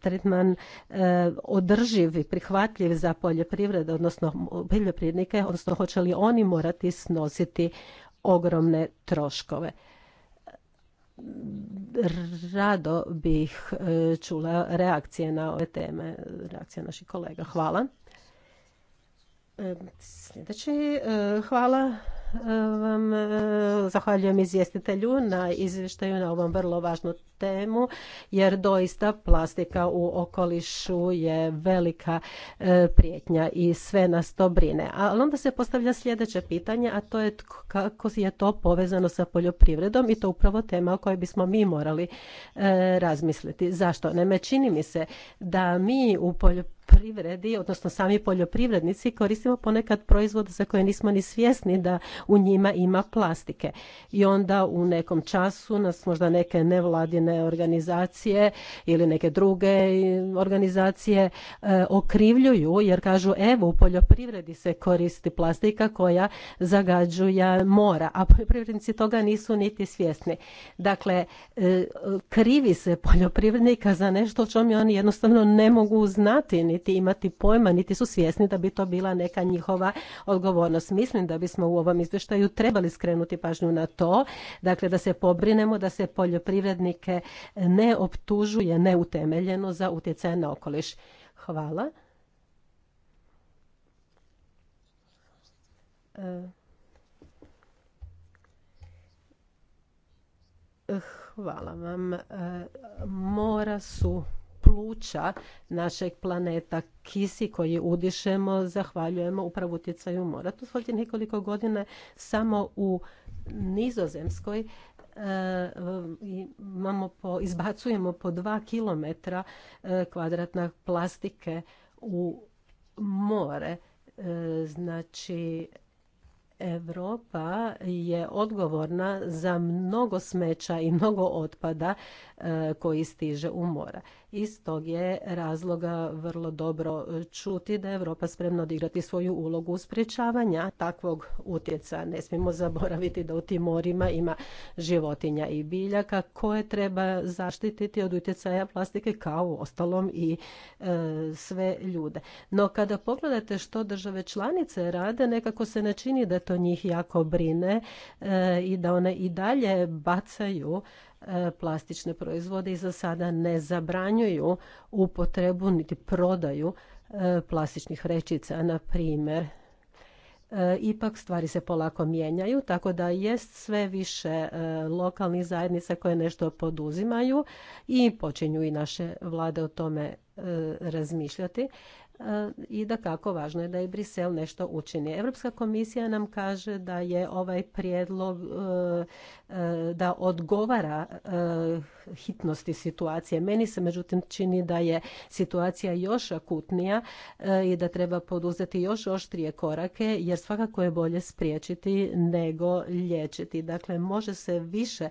tretman e, održiv i prihvatljiv za poljoprivredu odnosno poljoprivrednike, odnosno hoće li oni morati snositi ogromne troškove. Rado bih e, čula reakcije na ove teme, reakcije naših kolega. Hvala. E, sljedeći, e, hvala e, vam, zahvaljujem izvjestitelju na izvještaju na ovom vrlo važnom temu jer doista plastika u okolišu je velika e, prijetnja i sve nas to brine. Ali onda se postavlja sljedeće pitanje, a to je kako je to povezano sa poljoprivredom i to upravo tema o kojoj bismo mi morali e, razmisliti. Zašto? Naime, čini mi se da mi u poljoprivredi, odnosno sami poljoprivrednici koristimo ponekad proizvode za koje nismo ni svjesni da u njima ima plastike. I onda u nekom času nas možda neke nevladine organizacije ili neke druge organizacije e, okrivljuju jer kažu evo u poljoprivredi se koristi plastika koja zagađuje mora, a poljoprivrednici toga nisu niti svjesni. Dakle, e, krivi se poljoprivrednika za nešto o čemu oni jednostavno ne mogu znati, niti imati pojma, niti su svjesni da bi to bila neka njihova odgovornost. Mislim da bismo u ovom izvještaju trebali skrenuti pažnju na to, dakle da se pobrinemo da se poljoprivrednike ne optužuje neutemeljeno za utjecaj na okoliš. Hvala. E, hvala vam. E, mora su pluća našeg planeta, kisi koji udišemo, zahvaljujemo upravo utjecaju mora. Tu svojte nekoliko godina samo u Nizozemskoj E, imamo po, izbacujemo po dva kilometra e, kvadratna plastike u more. E, znači, Europa je odgovorna za mnogo smeća i mnogo otpada koji stiže u mora. Iz tog je razloga vrlo dobro čuti da je Europa spremna odigrati svoju ulogu sprječavanja takvog utjeca. Ne smijemo zaboraviti da u tim morima ima životinja i biljaka koje treba zaštititi od utjecaja plastike kao u ostalom i e, sve ljude. No kada pogledate što države članice rade, nekako se ne čini da to njih jako brine e, i da one i dalje bacaju E, plastične proizvode i za sada ne zabranjuju upotrebu niti prodaju e, plastičnih vrećica, na primjer. E, ipak stvari se polako mijenjaju, tako da jest sve više lokalnih zajednica koje nešto poduzimaju i počinju i naše vlade o tome razmišljati i da kako važno je da i Brisel nešto učini. Europska komisija nam kaže da je ovaj prijedlog e, e, da odgovara e, hitnosti situacije. Meni se međutim čini da je situacija još akutnija i da treba poduzeti još oštrije korake jer svakako je bolje spriječiti nego liječiti. Dakle, može se više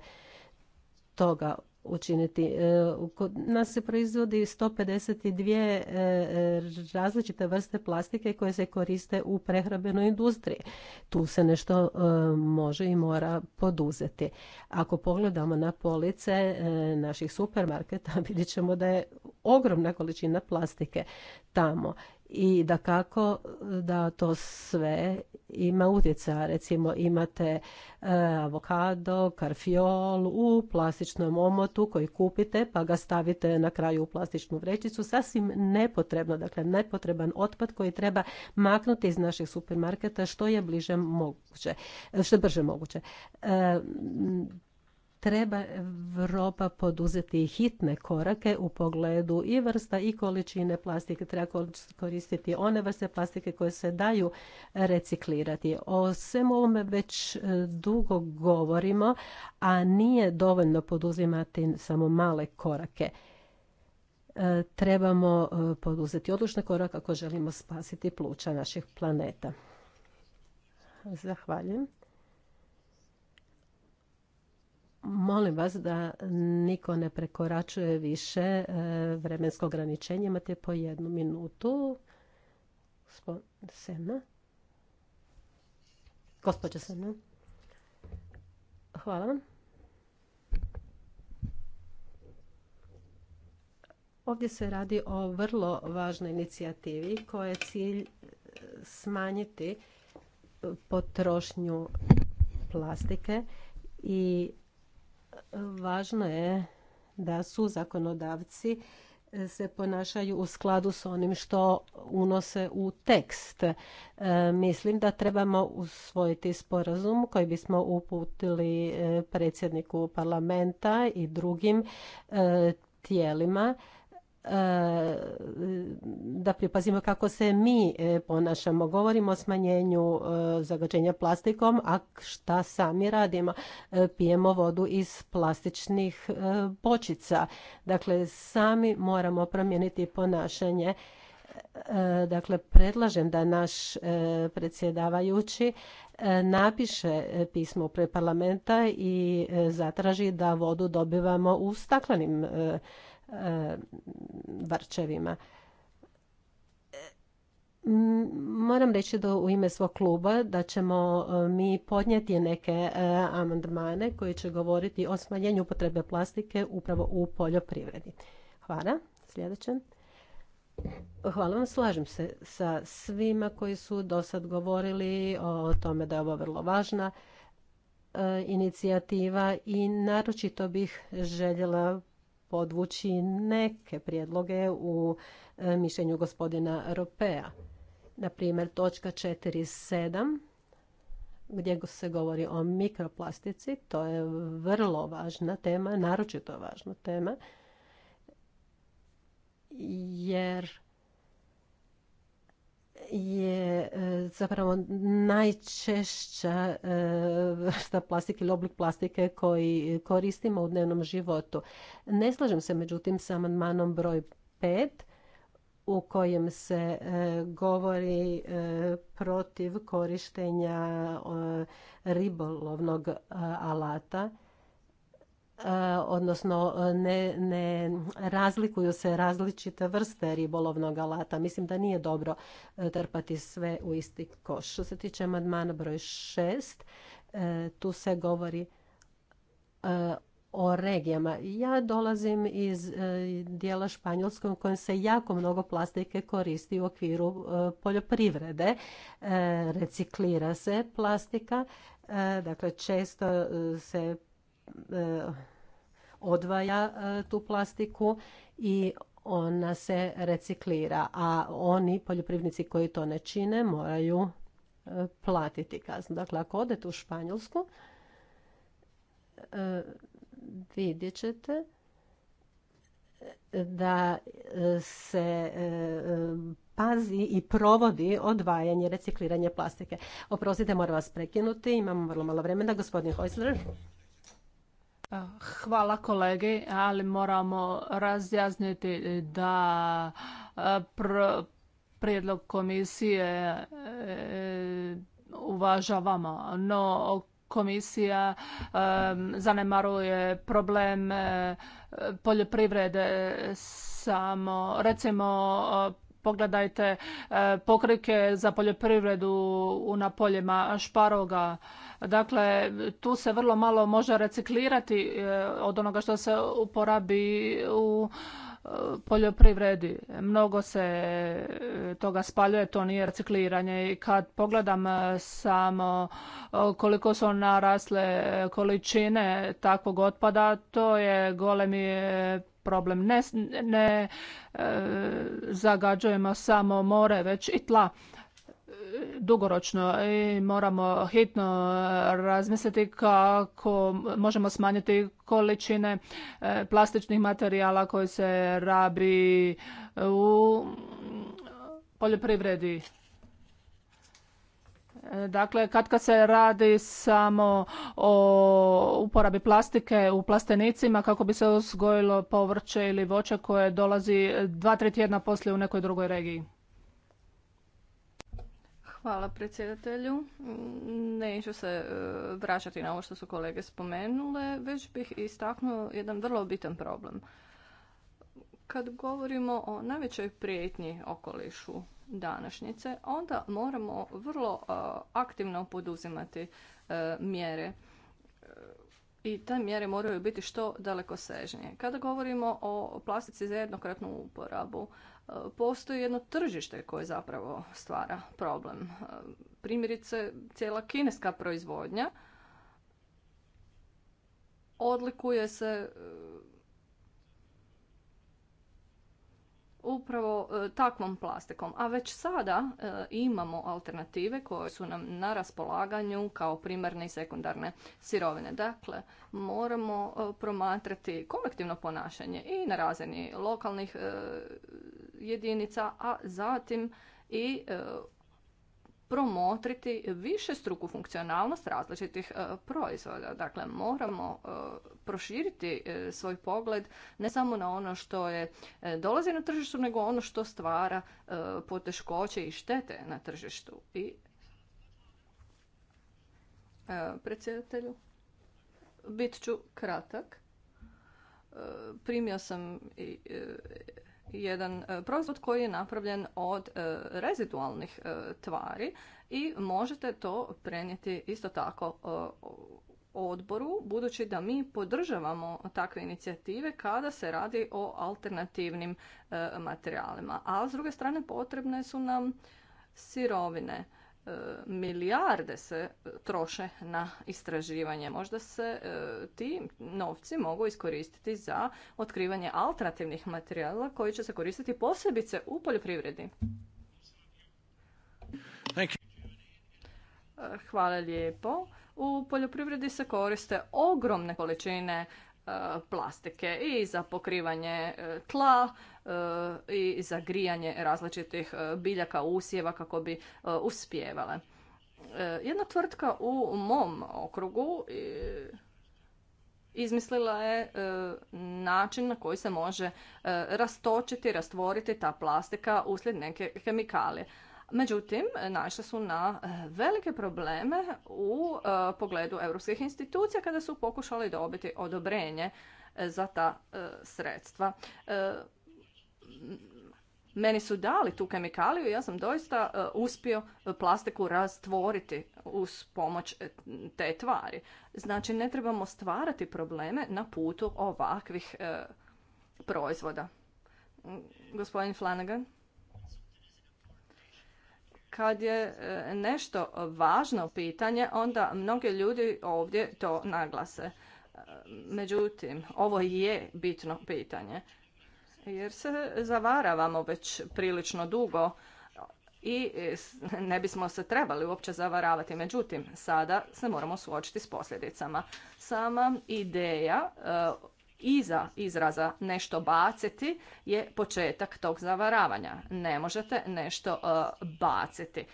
toga učiniti. E, kod nas se proizvodi 152 e, različite vrste plastike koje se koriste u prehrabenoj industriji. Tu se nešto e, može i mora poduzeti. Ako pogledamo na police naših supermarketa vidjet ćemo da je ogromna količina plastike tamo i da kako e, da to sve ima utjeca. Recimo imate e, avokado, karfiol u plastičnom omotu koji kupite pa ga stavite na kraju u plastičnu vrećicu. Sasvim nepotrebno, dakle nepotreban otpad koji treba maknuti iz naših supermarketa što je bliže moguće, što je brže moguće. E, Treba Europa poduzeti hitne korake u pogledu i vrsta i količine plastike. Treba koristiti one vrste plastike koje se daju reciklirati. O svemu ovome već e, dugo govorimo, a nije dovoljno poduzimati samo male korake e, trebamo e, poduzeti odlučne korake ako želimo spasiti pluća naših planeta. Zahvaljujem. Molim vas da niko ne prekoračuje više e, vremensko ograničenje. Imate po jednu minutu. Sena. Gospodja Sena. Hvala Ovdje se radi o vrlo važnoj inicijativi koja je cilj e, smanjiti potrošnju plastike i Važno je da su zakonodavci e, se ponašaju u skladu s onim što unose u tekst. E, mislim da trebamo usvojiti sporazum koji bismo uputili e, predsjedniku parlamenta i drugim tijelima E, da pripazimo kako se mi e, ponašamo. Govorimo o smanjenju e, zagađenja plastikom, a šta sami radimo? Pijemo vodu iz plastičnih bočica. Dakle, sami moramo promijeniti ponašanje. Dakle, predlažem da naš predsjedavajući napiše pismo pre parlamenta i zatraži da vodu dobivamo u staklenim barčevima e, e, Moram reći da u ime svog kluba da ćemo e, mi podnijeti neke amandmane koji će govoriti o smanjenju upotrebe plastike upravo u poljoprivredi. Hvala. Sljedeće. Hvala vam, slažem se sa svima koji su do sad govorili o tome da je ovo vrlo važna inicijativa i naročito bih željela podvući neke prijedloge u e, mišljenju gospodina Ropea. Na primjer, točka 4.7 gdje se govori o mikroplastici, to je vrlo važna tema, naročito važna tema, jer je e, zapravo najčešća e, vrsta plastike ili oblik plastike koji koristimo u dnevnom životu. Ne slažem se međutim sa amandmanom broj 5 u kojem se e, govori protiv korištenja ribolovnog alata odnosno e, ne, ne razlikuju se različite vrste ribolovnog alata. Mislim da nije dobro e, trpati sve u isti koš. Što se tiče amandmana broj šest, e, tu se govori o regijama. Ja dolazim iz dijela Španjolske u kojem se jako mnogo plastike koristi u okviru poljoprivrede. Reciklira se plastika, dakle često se E, odvaja e, tu plastiku i ona se reciklira, a oni poljoprivrednici koji to ne čine moraju e, platiti kaznu. Dakle, ako odete u Španjolsku, vidjet ćete da se pazi i provodi odvajanje, recikliranje plastike. Oprostite, moram vas prekinuti, imamo vrlo malo vremena. Gospodin Hojsler. Hvala kolegi, ali moramo razjasniti da prijedlog komisije e, uvažavamo, no komisija e, zanemaruje problem e, poljoprivrede samo recimo pogledajte pokrike za poljoprivredu na poljima šparoga Dakle, tu se vrlo malo može reciklirati e, od onoga što se uporabi u e, poljoprivredi. Mnogo se e, toga spaljuje, to nije recikliranje. I kad pogledam samo koliko su narasle količine takvog otpada, to je golemi problem. Ne, ne zagađujemo samo more, već i tla dugoročno i moramo hitno razmisliti kako možemo smanjiti količine e, plastičnih materijala koji se rabi u poljoprivredi. Dakle, kad kad se radi samo o uporabi plastike u plastenicima kako bi se osgojilo povrće ili voće koje dolazi dva, tri tjedna poslije u nekoj drugoj regiji. Hvala predsjedatelju. Neću se e, vraćati na ovo što su kolege spomenule, već bih istaknuo jedan vrlo bitan problem. Kad govorimo o najvećoj prijetnji okolišu današnjice, onda moramo vrlo e, aktivno poduzimati e, mjere i te mjere moraju biti što daleko sežnije. Kada govorimo o plastici za jednokratnu uporabu, postoji jedno tržište koje zapravo stvara problem. E, primjerice, cijela kineska proizvodnja odlikuje se e, upravo e, takvom plastikom. A već sada imamo alternative koje su nam na raspolaganju kao primarne i sekundarne sirovine. Dakle, moramo promatrati kolektivno ponašanje i na razini lokalnih jedinica, a zatim i e, promotriti više struku funkcionalnost različitih e, proizvoda. Dakle, moramo e, proširiti svoj pogled ne samo na ono što je dolazi na tržištu, nego ono što stvara poteškoće i štete na tržištu. I predsjedatelju, bit ću kratak. Primio sam i jedan e, proizvod koji je napravljen od e, rezidualnih e, tvari i možete to prenijeti isto tako odboru, budući da mi podržavamo takve inicijative kada se radi o alternativnim materijalima. A s druge strane potrebne su nam sirovine E, milijarde se e, troše na istraživanje. Možda se e, ti novci mogu iskoristiti za otkrivanje alternativnih materijala koji će se koristiti posebice u poljoprivredi. Hvala lijepo. U poljoprivredi se koriste ogromne količine E, plastike i za pokrivanje e, tla e, i za grijanje različitih biljaka, usjeva kako bi uspjevale. Jedna tvrtka u mom okrugu izmislila je način na koji se može rastočiti, rastvoriti ta plastika uslijed neke kemikalije. Međutim, našle su na e, velike probleme u e, pogledu europskih institucija kada su pokušali dobiti odobrenje e, za ta sredstva. Meni su dali tu kemikaliju i ja sam doista uspio plastiku rastvoriti uz pomoć te tvari. Znači, ne trebamo stvarati probleme na putu ovakvih proizvoda. Gospodin Flanagan kad je e, nešto važno pitanje, onda mnogi ljudi ovdje to naglase. E, međutim, ovo je bitno pitanje. Jer se zavaravamo već prilično dugo i e, ne bismo se trebali uopće zavaravati. Međutim, sada se moramo suočiti s posljedicama. Sama ideja iza izraza nešto baciti je početak tog zavaravanja. Ne možete nešto e, baciti.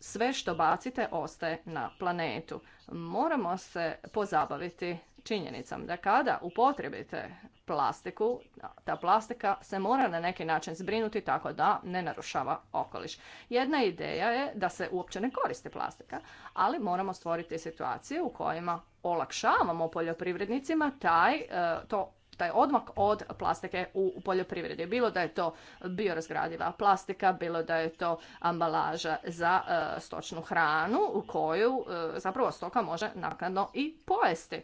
Sve što bacite ostaje na planetu. Moramo se pozabaviti činjenicom da kada upotrebite plastiku, ta plastika se mora na neki način zbrinuti tako da ne narušava okoliš. Jedna ideja je da se uopće ne koristi plastika, ali moramo stvoriti situacije u kojima olakšavamo poljoprivrednicima taj, e, to taj odmak od plastike u poljoprivredi. Bilo da je to biorazgradiva plastika, bilo da je to ambalaža za e, stočnu hranu u koju e, zapravo stoka može naknadno i pojesti.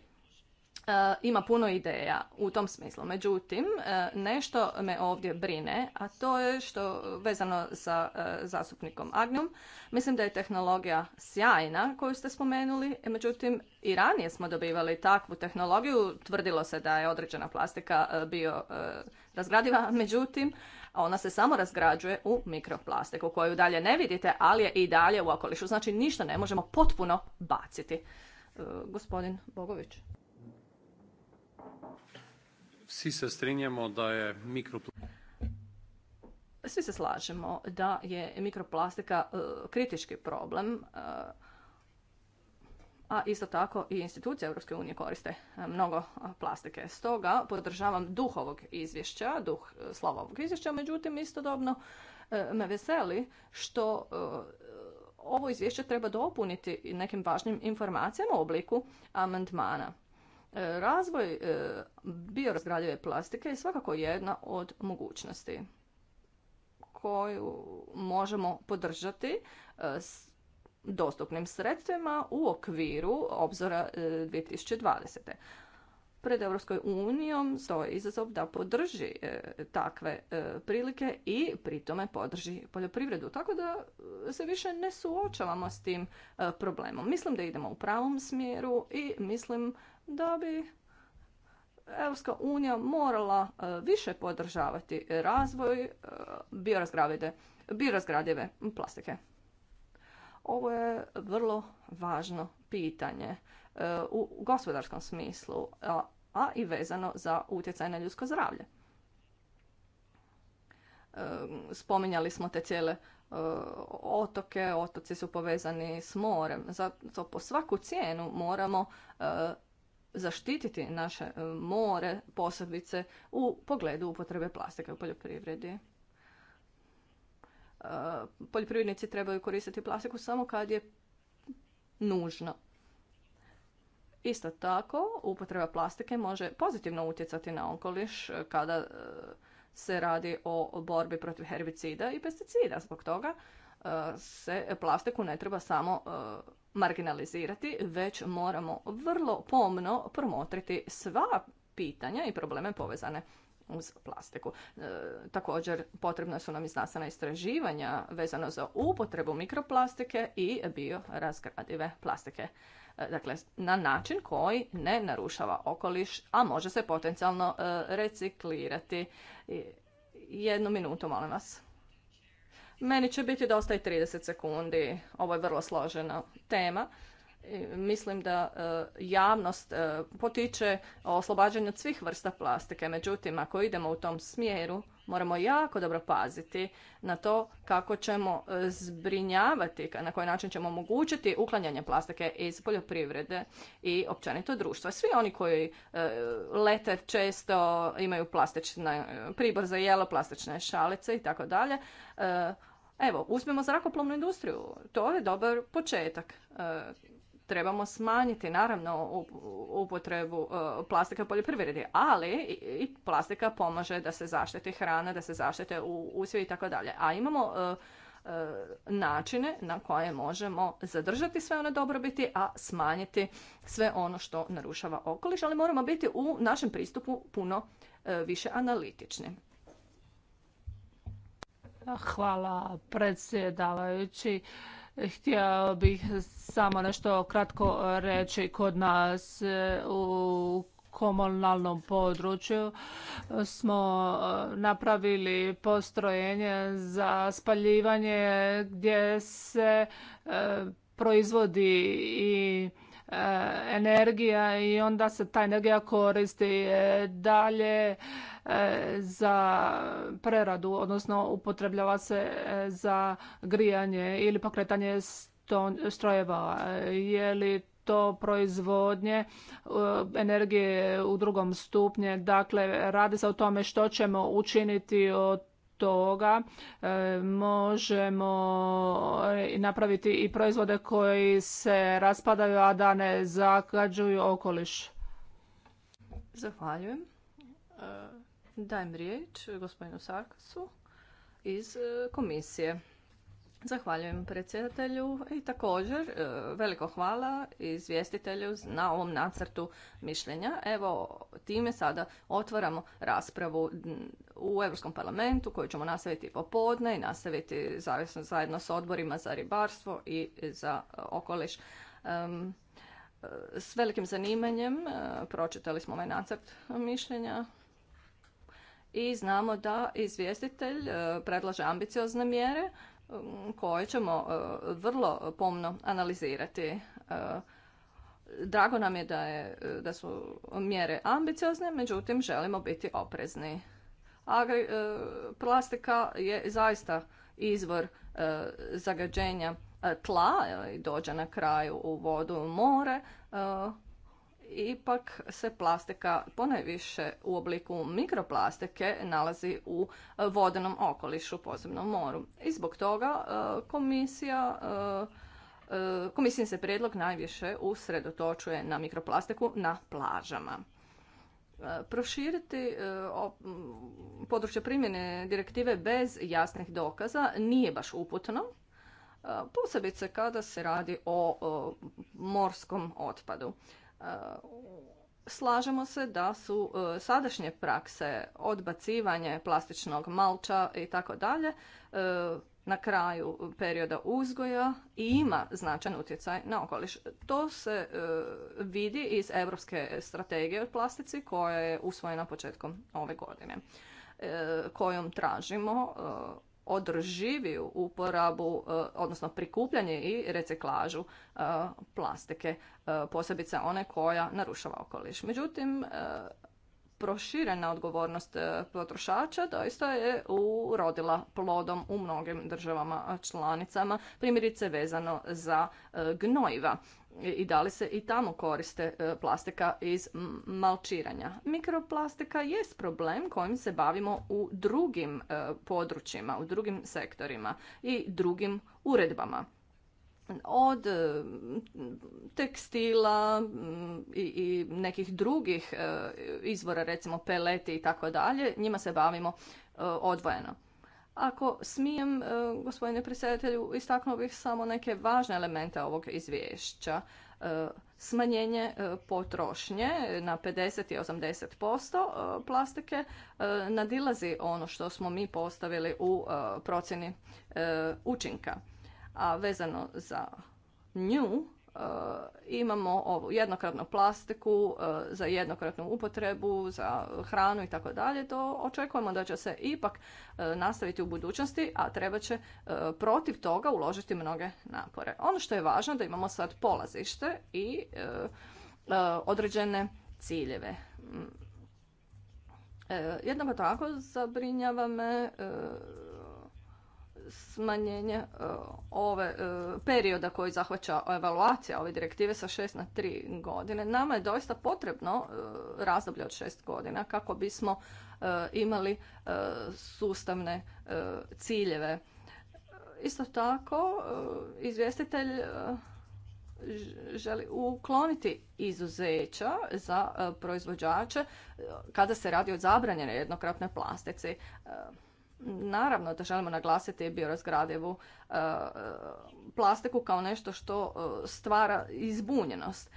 E, ima puno ideja u tom smislu. Međutim, e, nešto me ovdje brine, a to je što vezano sa e, zastupnikom Agnum. Mislim da je tehnologija sjajna koju ste spomenuli, međutim i ranije smo dobivali takvu tehnologiju. Tvrdilo se da je određena plastika bio razgradiva, međutim ona se samo razgrađuje u mikroplastiku koju dalje ne vidite, ali je i dalje u okolišu. Znači ništa ne možemo potpuno baciti. Gospodin Bogović. Svi se strinjamo da je mikroplastika... Svi se slažemo da je mikroplastika e, kritički problem, e, a isto tako i institucije Europske unije koriste e, mnogo plastike. Stoga podržavam duh ovog izvješća, duh slova ovog izvješća, međutim istodobno me veseli što ovo izvješće treba dopuniti nekim važnim informacijama u obliku amandmana. E, razvoj e, biorazgradive plastike je svakako jedna od mogućnosti koju možemo podržati e, s dostupnim sredstvima u okviru obzora 2020 pred Europskoj unijom stoji izazov da podrži e, takve e, prilike i pritome podrži poljoprivredu. Tako da e, se više ne suočavamo s tim problemom. Mislim da idemo u pravom smjeru i mislim da bi Europska unija morala više podržavati razvoj biorazgradive plastike. Ovo je vrlo važno pitanje e, u gospodarskom smislu, a i vezano za utjecaj na ljudsko zdravlje. E, spominjali smo te cijele e, otoke, otoci su povezani s morem, zato po svaku cijenu moramo zaštititi naše more, posebice u pogledu upotrebe plastike u poljoprivredi poljoprivrednici trebaju koristiti plastiku samo kad je nužno. Isto tako, upotreba plastike može pozitivno utjecati na okoliš e, kada e, se radi o borbi protiv herbicida i pesticida. Zbog toga e, se plastiku ne treba samo marginalizirati, već moramo vrlo pomno promotriti sva pitanja i probleme povezane uz plastiku. E, također potrebna su nam i znanstvena istraživanja vezano za upotrebu mikroplastike i biorazgradive plastike. E, dakle, na način koji ne narušava okoliš, a može se potencijalno e, reciklirati. Jednu minutu, molim vas. Meni će biti dosta i 30 sekundi. Ovo je vrlo složena tema mislim da e, javnost e, potiče oslobađanje od svih vrsta plastike. Međutim, ako idemo u tom smjeru, moramo jako dobro paziti na to kako ćemo e, zbrinjavati, na koji način ćemo omogućiti uklanjanje plastike iz poljoprivrede i općenito društva. Svi oni koji lete često imaju plastične pribor za jelo, plastične šalice i tako dalje. Evo, uzmemo zrakoplovnu industriju. To je dobar početak trebamo smanjiti naravno upotrebu e, plastika u poljoprivredi, ali i plastika pomaže da se zaštiti hrana, da se zaštite usje i tako dalje. A imamo e, e, načine na koje možemo zadržati sve one dobrobiti, a smanjiti sve ono što narušava okoliš, ali moramo biti u našem pristupu puno više analitični. Hvala predsjedavajući. Htio bih samo nešto kratko reći kod nas u komunalnom području smo e, napravili postrojenje za spaljivanje gdje se e, proizvodi i e, energija i onda se ta energija koristi dalje E, za preradu, odnosno upotrebljava se e, za grijanje ili pokretanje strojeva. Je li to proizvodnje e, energije u drugom stupnje? Dakle, radi se o tome što ćemo učiniti od toga možemo napraviti i proizvode koji se raspadaju, a da ne zagađuju okoliš. Zahvaljujem. Dajem riječ gospodinu Sarkasu iz e, komisije. Zahvaljujem predsjedatelju i također e, veliko hvala izvjestitelju na ovom nacrtu mišljenja. Evo, time sada otvaramo raspravu u Europskom parlamentu koju ćemo nastaviti popodne i nastaviti zajedno s odborima za ribarstvo i za e, okoliš. S velikim zanimanjem pročitali smo ovaj nacrt mišljenja i znamo da izvjestitelj e, predlaže ambiciozne mjere e, koje ćemo e, vrlo pomno analizirati. Drago nam je da, je da su mjere ambiciozne, međutim želimo biti oprezni. plastika je zaista izvor zagađenja tla, dođe na kraju u vodu u more, ipak se plastika ponajviše u obliku mikroplastike nalazi u e, vodenom okolišu, posebno moru. I zbog toga e, komisija e, Komisijin se prijedlog najviše usredotočuje na mikroplastiku na plažama. Proširiti područje primjene direktive bez jasnih dokaza nije baš uputno, posebice kada se radi o morskom otpadu slažemo se da su e, sadašnje prakse odbacivanje plastičnog malča i tako dalje e, na kraju perioda uzgoja i ima značajan utjecaj na okoliš. To se e, vidi iz Europske strategije od plastici koja je usvojena početkom ove godine kojom tražimo održiviju uporabu, e, odnosno prikupljanje i reciklažu e, plastike, e, posebice one koja narušava okoliš. Međutim, proširena odgovornost potrošača doista je urodila plodom u mnogim državama članicama, primjerice vezano za gnojiva i da li se i tamo koriste e, plastika iz malčiranja. Mikroplastika jest problem kojim se bavimo u drugim e, područjima, u drugim sektorima i drugim uredbama. Od e, tekstila i nekih drugih izvora, recimo peleti i tako dalje, njima se bavimo odvojeno. Ako smijem, e, gospodine predsjedatelju, istaknuo bih samo neke važne elemente ovog izvješća. E, smanjenje e, potrošnje na 50 i 80% plastike nadilazi ono što smo mi postavili u procjeni učinka. A vezano za nju, E, imamo ovu jednokratnu plastiku e, za jednokratnu upotrebu, za hranu i tako dalje, to očekujemo da će se ipak e, nastaviti u budućnosti, a treba će protiv toga uložiti mnoge napore. Ono što je važno da imamo sad polazište i određene ciljeve. Mm. Jednako tako zabrinjava me smanjenje e, ove e, perioda koji zahvaća evaluacija ove direktive sa šest na tri godine. Nama je doista potrebno e, razdoblje od šest godina kako bismo imali sustavne ciljeve. Isto tako, izvjestitelj želi ukloniti izuzeća za proizvođače kada se radi o zabranjene jednokratne plastici. Naravno da želimo naglasiti biorazgradivu e, plastiku kao nešto što e, stvara izbunjenost. E,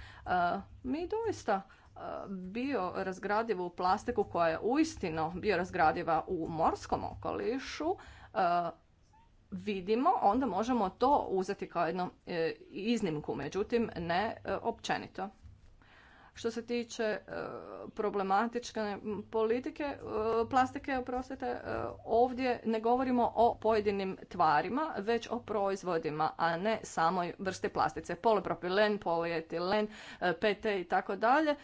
mi doista biorazgradivu plastiku koja je uistinu biorazgradiva u morskom okolišu vidimo, onda možemo to uzeti kao jednu iznimku, međutim ne općenito. Što se tiče e, problematične politike, e, plastike, oprostite, e, ovdje ne govorimo o pojedinim tvarima, već o proizvodima, a ne samoj vrsti plastice. Polipropilen, polietilen, PT i tako dalje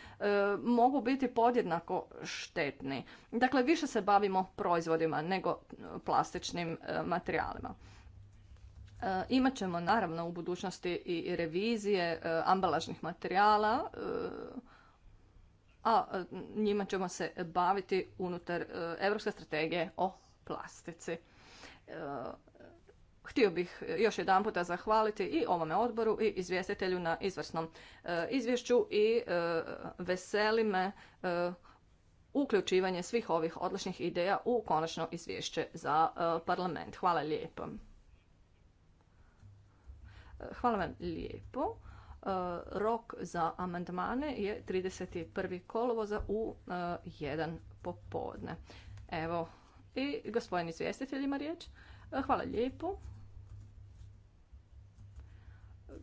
mogu biti podjednako štetni. Dakle, više se bavimo proizvodima nego plastičnim materijalima. E, imat ćemo naravno u budućnosti i revizije e, ambalažnih materijala, e, a njima ćemo se baviti unutar Europske strategije o plastici. Htio bih još jedan puta zahvaliti i ovome odboru i izvjestitelju na izvrsnom izvješću i veseli me uključivanje svih ovih odličnih ideja u konačno izvješće za parlament. Hvala lijepo. Hvala vam lijepo. E, rok za amandmane je 31. kolovoza u 1 e, popodne. Evo, i gospodin izvjestitelj ima riječ. E, hvala lijepo.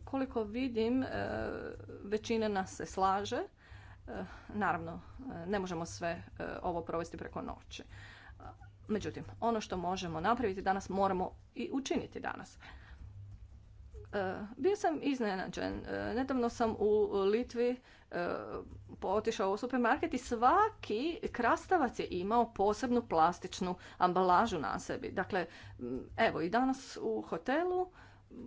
Koliko vidim, većina nas se slaže. Naravno, ne možemo sve ovo provesti preko noći. Međutim, ono što možemo napraviti danas moramo i učiniti danas. Eh, bio sam iznenađen. Eh, nedavno sam u Litvi eh, otišao u supermarket i svaki krastavac je imao posebnu plastičnu ambalažu na sebi. Dakle, mm, evo i danas u hotelu mm,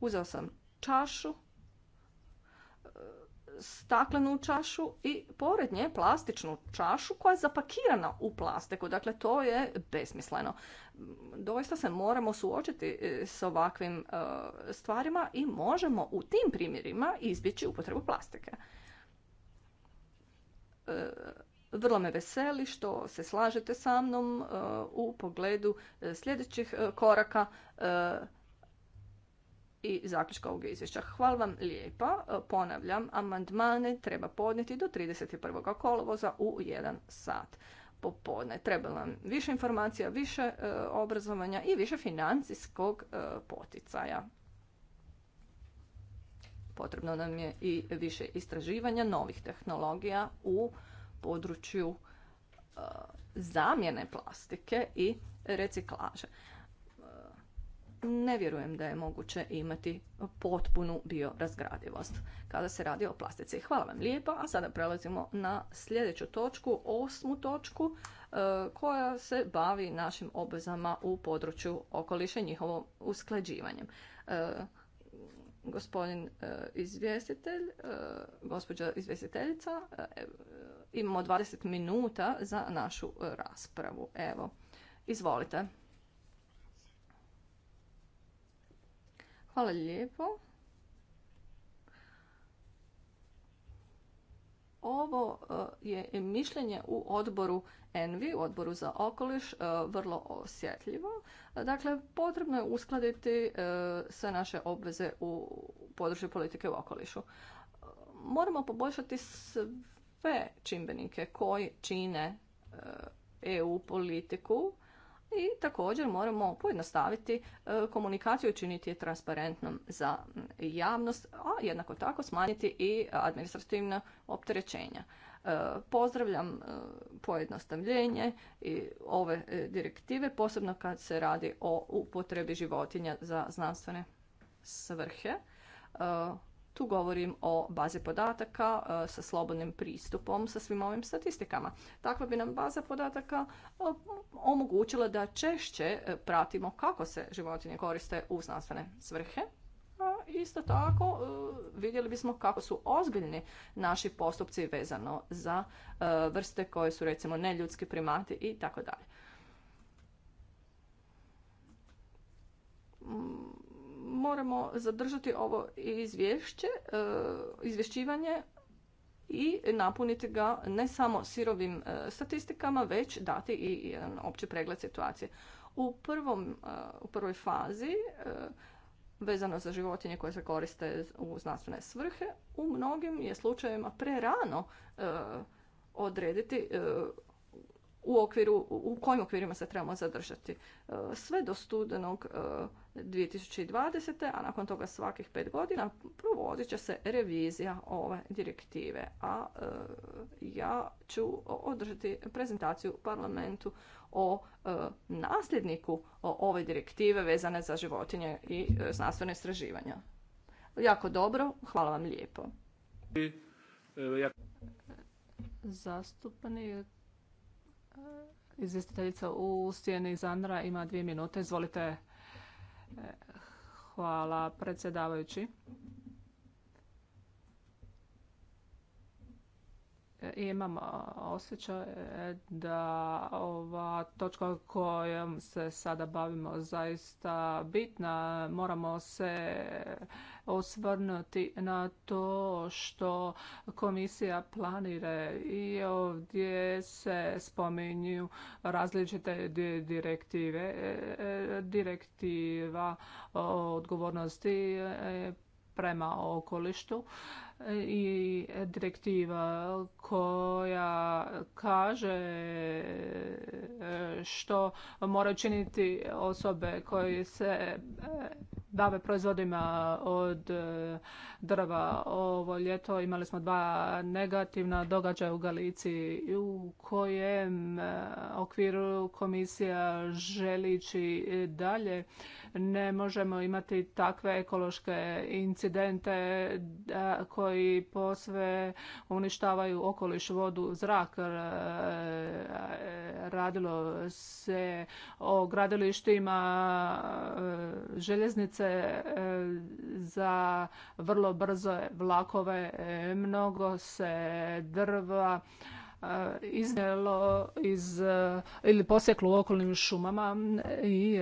uzeo sam čašu staklenu čašu i pored nje plastičnu čašu koja je zapakirana u plastiku. Dakle, to je besmisleno. Doista se moramo suočiti e, s ovakvim e, stvarima i možemo u tim primjerima izbjeći upotrebu plastike. E, vrlo me veseli što se slažete sa mnom u pogledu sljedećih koraka i zaključka ovog izvješća. Hvala vam lijepa. E, ponavljam, amandmane treba podnijeti do 31. kolovoza u 1 sat popodne. Treba vam više informacija, više e, obrazovanja i više financijskog e, poticaja. Potrebno nam je i više istraživanja novih tehnologija u području zamjene plastike i reciklaže ne vjerujem da je moguće imati potpunu biorazgradivost kada se radi o plastici. Hvala vam lijepa, a sada prelazimo na sljedeću točku, osmu točku, e, koja se bavi našim obvezama u području okoliša i njihovom usklađivanjem. E, gospodin e, izvjestitelj, gospođa izvjestiteljica, imamo 20 minuta za našu raspravu. Evo, izvolite. Hvala lijepo. Ovo e, je mišljenje u odboru ENVI, u odboru za okoliš, e, vrlo osjetljivo. Dakle, potrebno je uskladiti e, sve naše obveze u području politike u okolišu. Moramo poboljšati sve čimbenike koji čine EU politiku i također moramo pojednostaviti e, komunikaciju, učiniti je transparentnom za javnost, a jednako tako smanjiti i administrativna opterećenja. E, pozdravljam e, pojednostavljenje i ove direktive, posebno kad se radi o upotrebi životinja za znanstvene svrhe. Tu govorim o bazi podataka e, sa slobodnim pristupom sa svim ovim statistikama. Takva bi nam baza podataka e, omogućila da češće e, pratimo kako se životinje koriste u znanstvene svrhe. A isto tako vidjeli bismo kako su ozbiljni naši postupci vezano za vrste koje su recimo neljudski primati i tako dalje mm, moramo zadržati ovo izvješće, e, izvješćivanje i napuniti ga ne samo sirovim e, statistikama, već dati i jedan opći pregled situacije. U, prvom, e, u prvoj fazi vezano za životinje koje se koriste u znanstvene svrhe, u mnogim je slučajevima prerano odrediti u, okviru, u kojim okvirima se trebamo zadržati. E, sve do studenog 2020. E, a nakon toga svakih pet godina provodit će se revizija ove direktive. A e, ja ću održati prezentaciju u parlamentu o nasljedniku ove direktive vezane za životinje i znanstvene istraživanja. Jako dobro, hvala vam lijepo. Izvjestiteljica u stijeni Zandra ima dvije minute. Izvolite. E, hvala predsjedavajući. E, imam osjećaj e, da ova točka kojom se sada bavimo zaista bitna. Moramo se osvrnuti na to što komisija planira i ovdje se spominju različite direktive, direktiva o odgovornosti prema okolištu i direktiva koja kaže što moraju činiti osobe koje se bave proizvodima od e, drva. Ovo ljeto imali smo dva negativna događaja u Galiciji u kojem e, okviru komisija želići dalje. Ne možemo imati takve ekološke incidente koji posve uništavaju okoliš, vodu, zrak. E, radilo se o gradilištima željeznice se e, za vrlo brzo vlakove. E, mnogo se drva e, iznijelo iz, ili posjeklo u okolnim šumama i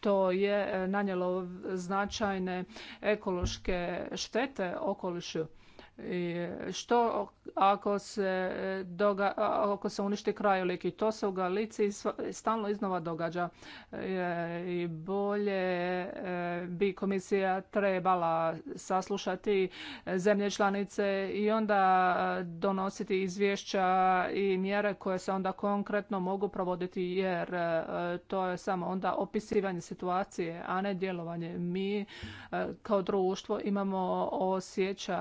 to je nanjelo značajne ekološke štete okolišu. Što ako se, doga, ako se uništi krajolik i to se u Galiciji stalno iznova događa. E, I bolje e, bi komisija trebala saslušati zemlje članice i onda donositi izvješća i mjere koje se onda konkretno mogu provoditi jer e, to je samo onda opisivanje situacije, a ne djelovanje. Mi kao društvo imamo osjećaj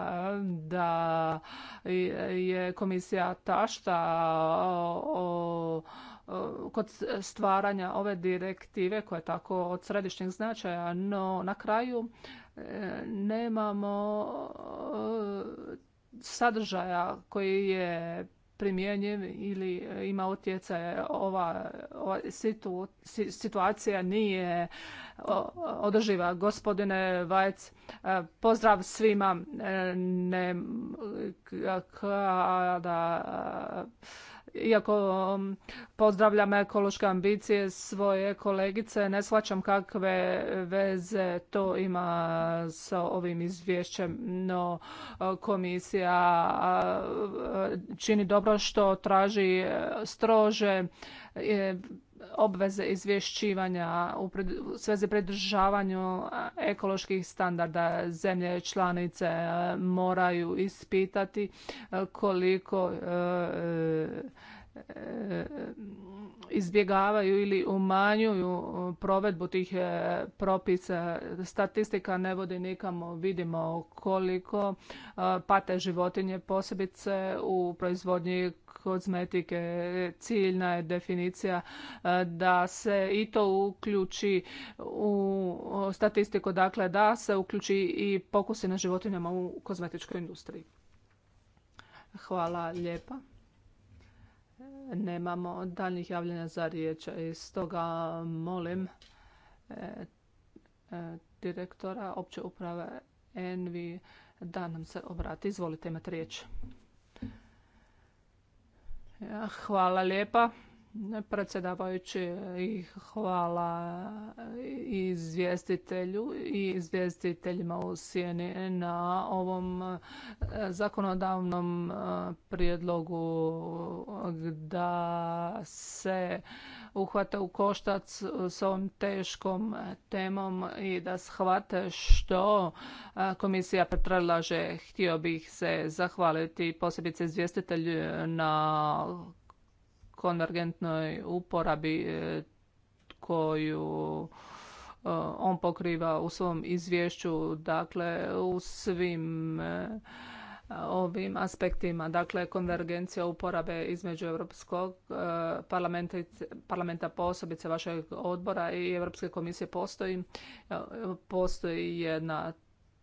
da je komisija tašta o kod stvaranja ove direktive koja je tako od središnjeg značaja, no na kraju e, nemamo e, sadržaja koji je primjenjiv ili e, ima utjecaje ova, ova situacija nije održiva. Gospodine Vajc, e, pozdrav svima. E, ne, kada iako um, pozdravljam ekološke ambicije svoje kolegice, ne shvaćam kakve veze to ima sa ovim izvješćem, no uh, komisija uh, čini dobro što traži uh, strože obveze izvješćivanja u sveze pridržavanju ekoloških standarda zemlje članice moraju ispitati koliko izbjegavaju ili umanjuju provedbu tih e, propisa. Statistika ne vodi nikamo. Vidimo koliko e, pate životinje posebice u proizvodnji kozmetike. Ciljna je definicija e, da se i to uključi u statistiku, dakle da se uključi i pokusi na životinjama u kozmetičkoj industriji. Hvala lijepa nemamo daljnjih javljanja za riječ i stoga molim e, e, direktora opće uprave Envi da nam se obrati. Izvolite, imati riječ. Hvala lijepa predsjedavajući i hvala izvjestitelju i izvjestiteljima u sjeni na ovom e, zakonodavnom e, prijedlogu da se uhvate u koštac s ovom teškom temom i da shvate što e, komisija predlaže. Htio bih se zahvaliti posebice izvjestitelju na konvergentnoj uporabi e, koju e, on pokriva u svom izvješću, dakle u svim e, ovim aspektima, dakle konvergencija uporabe između Europskog parlamenta, parlamenta posebice vašeg odbora i Europske komisije postoji. Postoji jedna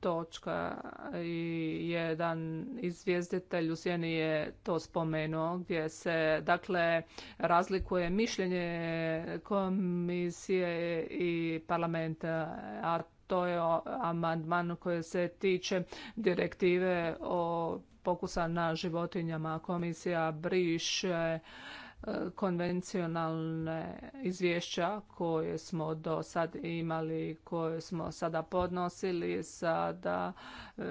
točka i jedan izvjestitelj u sjeni je to spomenuo gdje se dakle razlikuje mišljenje komisije i parlamenta a to je amandman koji se tiče direktive o pokusa na životinjama komisija briše E, konvencionalne izvješća koje smo do sad imali, koje smo sada podnosili sada e,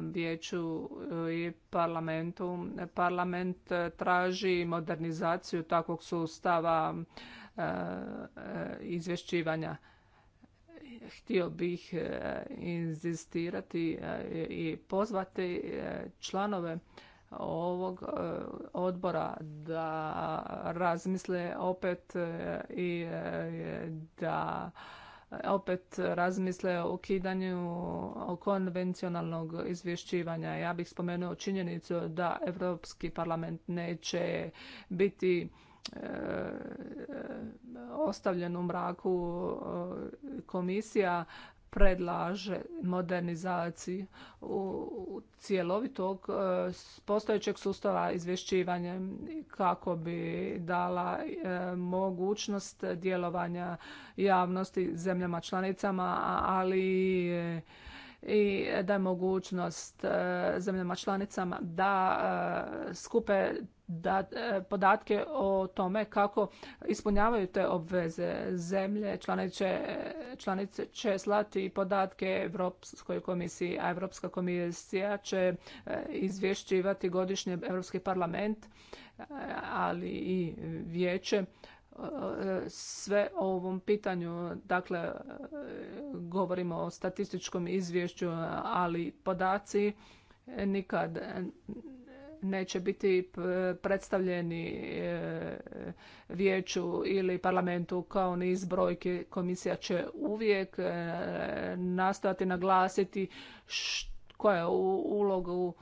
vijeću i parlamentu. Parlament traži modernizaciju takvog sustava e, izvješćivanja. Htio bih inzistirati i pozvati članove ovog e, odbora da razmisle opet e, i e, da opet razmisle o ukidanju konvencionalnog izvješćivanja. Ja bih spomenuo činjenicu da Europski parlament neće biti ostavljen u mraku komisija predlaže modernizaciju u cjelovitog e, postojećeg sustava izvješćivanja kako bi dala e, mogućnost djelovanja javnosti zemljama članicama, ali i da je mogućnost e, zemljama članicama da skupe E, podatke o tome kako ispunjavaju te obveze zemlje. Članice, će slati podatke Europskoj komisiji, a Europska komisija će e, izvješćivati godišnje Europski parlament, e, ali i vijeće sve o ovom pitanju. Dakle, govorimo o statističkom izvješću, ali podaci nikad neće biti e, predstavljeni e, vijeću ili parlamentu kao ni izbrojke, Komisija će uvijek e, nastojati naglasiti koja je ulogu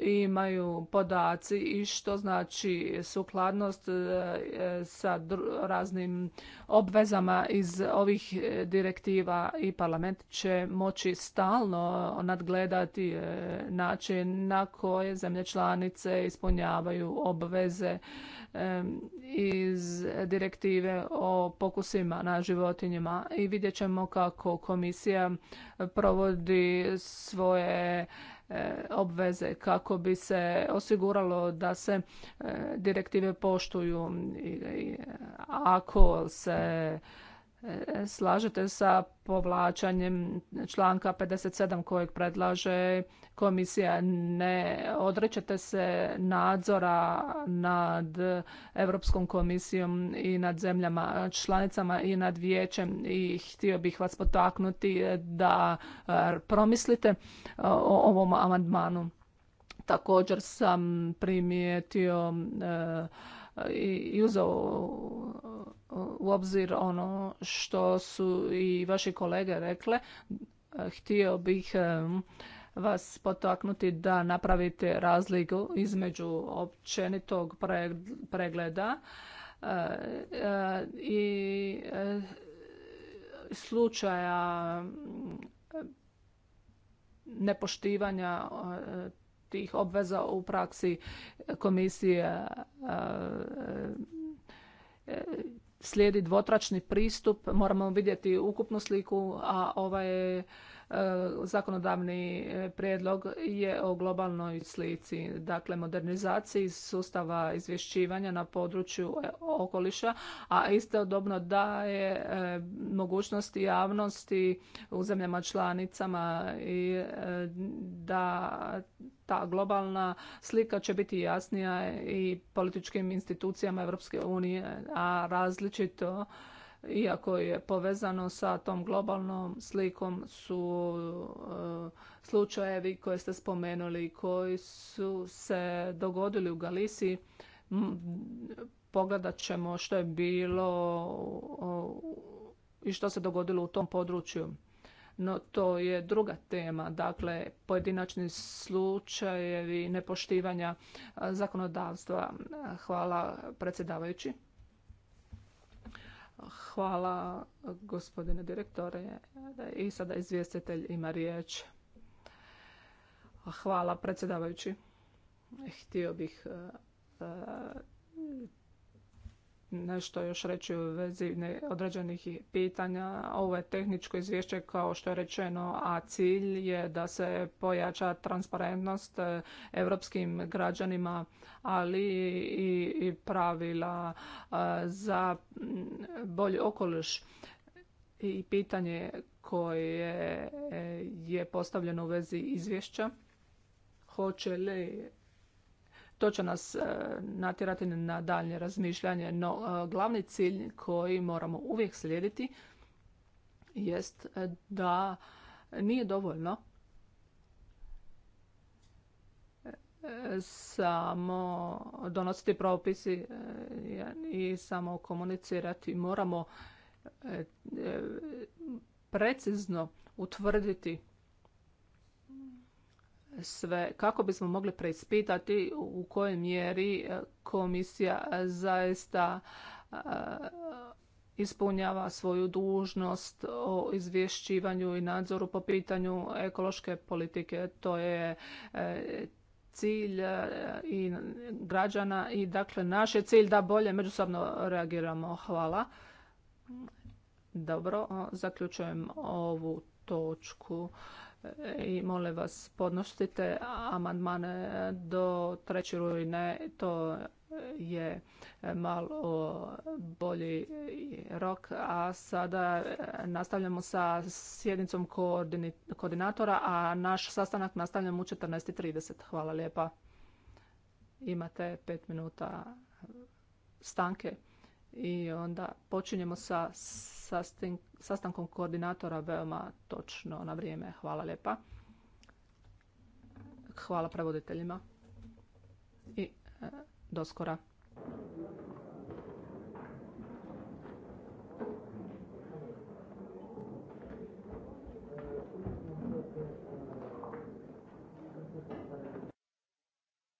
imaju podaci i što znači sukladnost e, e, sa raznim obvezama iz ovih e, direktiva i parlament će moći stalno nadgledati način na koje zemlje članice ispunjavaju obveze iz direktive o pokusima na životinjima i vidjet ćemo kako komisija provodi svoje E, obveze kako bi se osiguralo da se e, direktive poštuju. Ako se slažete sa povlačenjem članka 57 kojeg predlaže komisija. Ne odrećete se nadzora nad Europskom komisijom i nad zemljama članicama i nad vijećem i htio bih vas potaknuti da eh, promislite eh, o ovom amandmanu. Također sam primijetio eh, i uzeo u obzir ono što su i vaši kolege rekle, htio bih vas potaknuti da napravite razliku između općenitog pregleda eh, i eh, slučaja nepoštivanja eh, tih obveza u praksi komisije slijedi dvotračni pristup, moramo vidjeti ukupnu sliku, a ovaj E, zakonodavni e, prijedlog je o globalnoj slici, dakle modernizaciji sustava izvješćivanja na području e, okoliša, a istodobno daje mogućnosti javnosti u zemljama članicama i da ta globalna slika će biti jasnija i političkim institucijama Europske unije, a različito iako je povezano sa tom globalnom slikom su e, slučajevi koje ste spomenuli koji su se dogodili u Galisiji. Pogledat ćemo što je bilo i što se dogodilo u tom području. No to je druga tema, dakle pojedinačni slučajevi nepoštivanja zakonodavstva. Hvala predsjedavajući. Hvala gospodine direktore i sada izvjestitelj ima riječ. Hvala predsjedavajući. Htio bih e, e, nešto još reći u vezi određenih pitanja. Ovo je tehničko izvješće kao što je rečeno, a cilj je da se pojača transparentnost europskim građanima, ali i pravila e, za bolji okoliš i pitanje koje e, je postavljeno u vezi izvješća. Hoće li to će nas e, natjerati na daljnje razmišljanje, no e, glavni cilj koji moramo uvijek slijediti jest e, da nije dovoljno samo donositi propisi i samo komunicirati. Moramo precizno utvrditi sve kako bismo mogli preispitati u kojoj mjeri e, komisija zaista e, ispunjava svoju dužnost o izvješćivanju i nadzoru po pitanju ekološke politike. To je e, cilj i građana i dakle naš je cilj da bolje međusobno reagiramo. Hvala. Dobro, zaključujem ovu točku i molim vas podnosite amandmane do treće rujne. To je malo bolji rok, a sada nastavljamo sa sjednicom koordinatora, a naš sastanak nastavljamo u 14.30. Hvala lijepa. Imate pet minuta stanke i onda počinjemo sa sastankom koordinatora veoma točno na vrijeme. Hvala lijepa. Hvala prevoditeljima i e, doskora.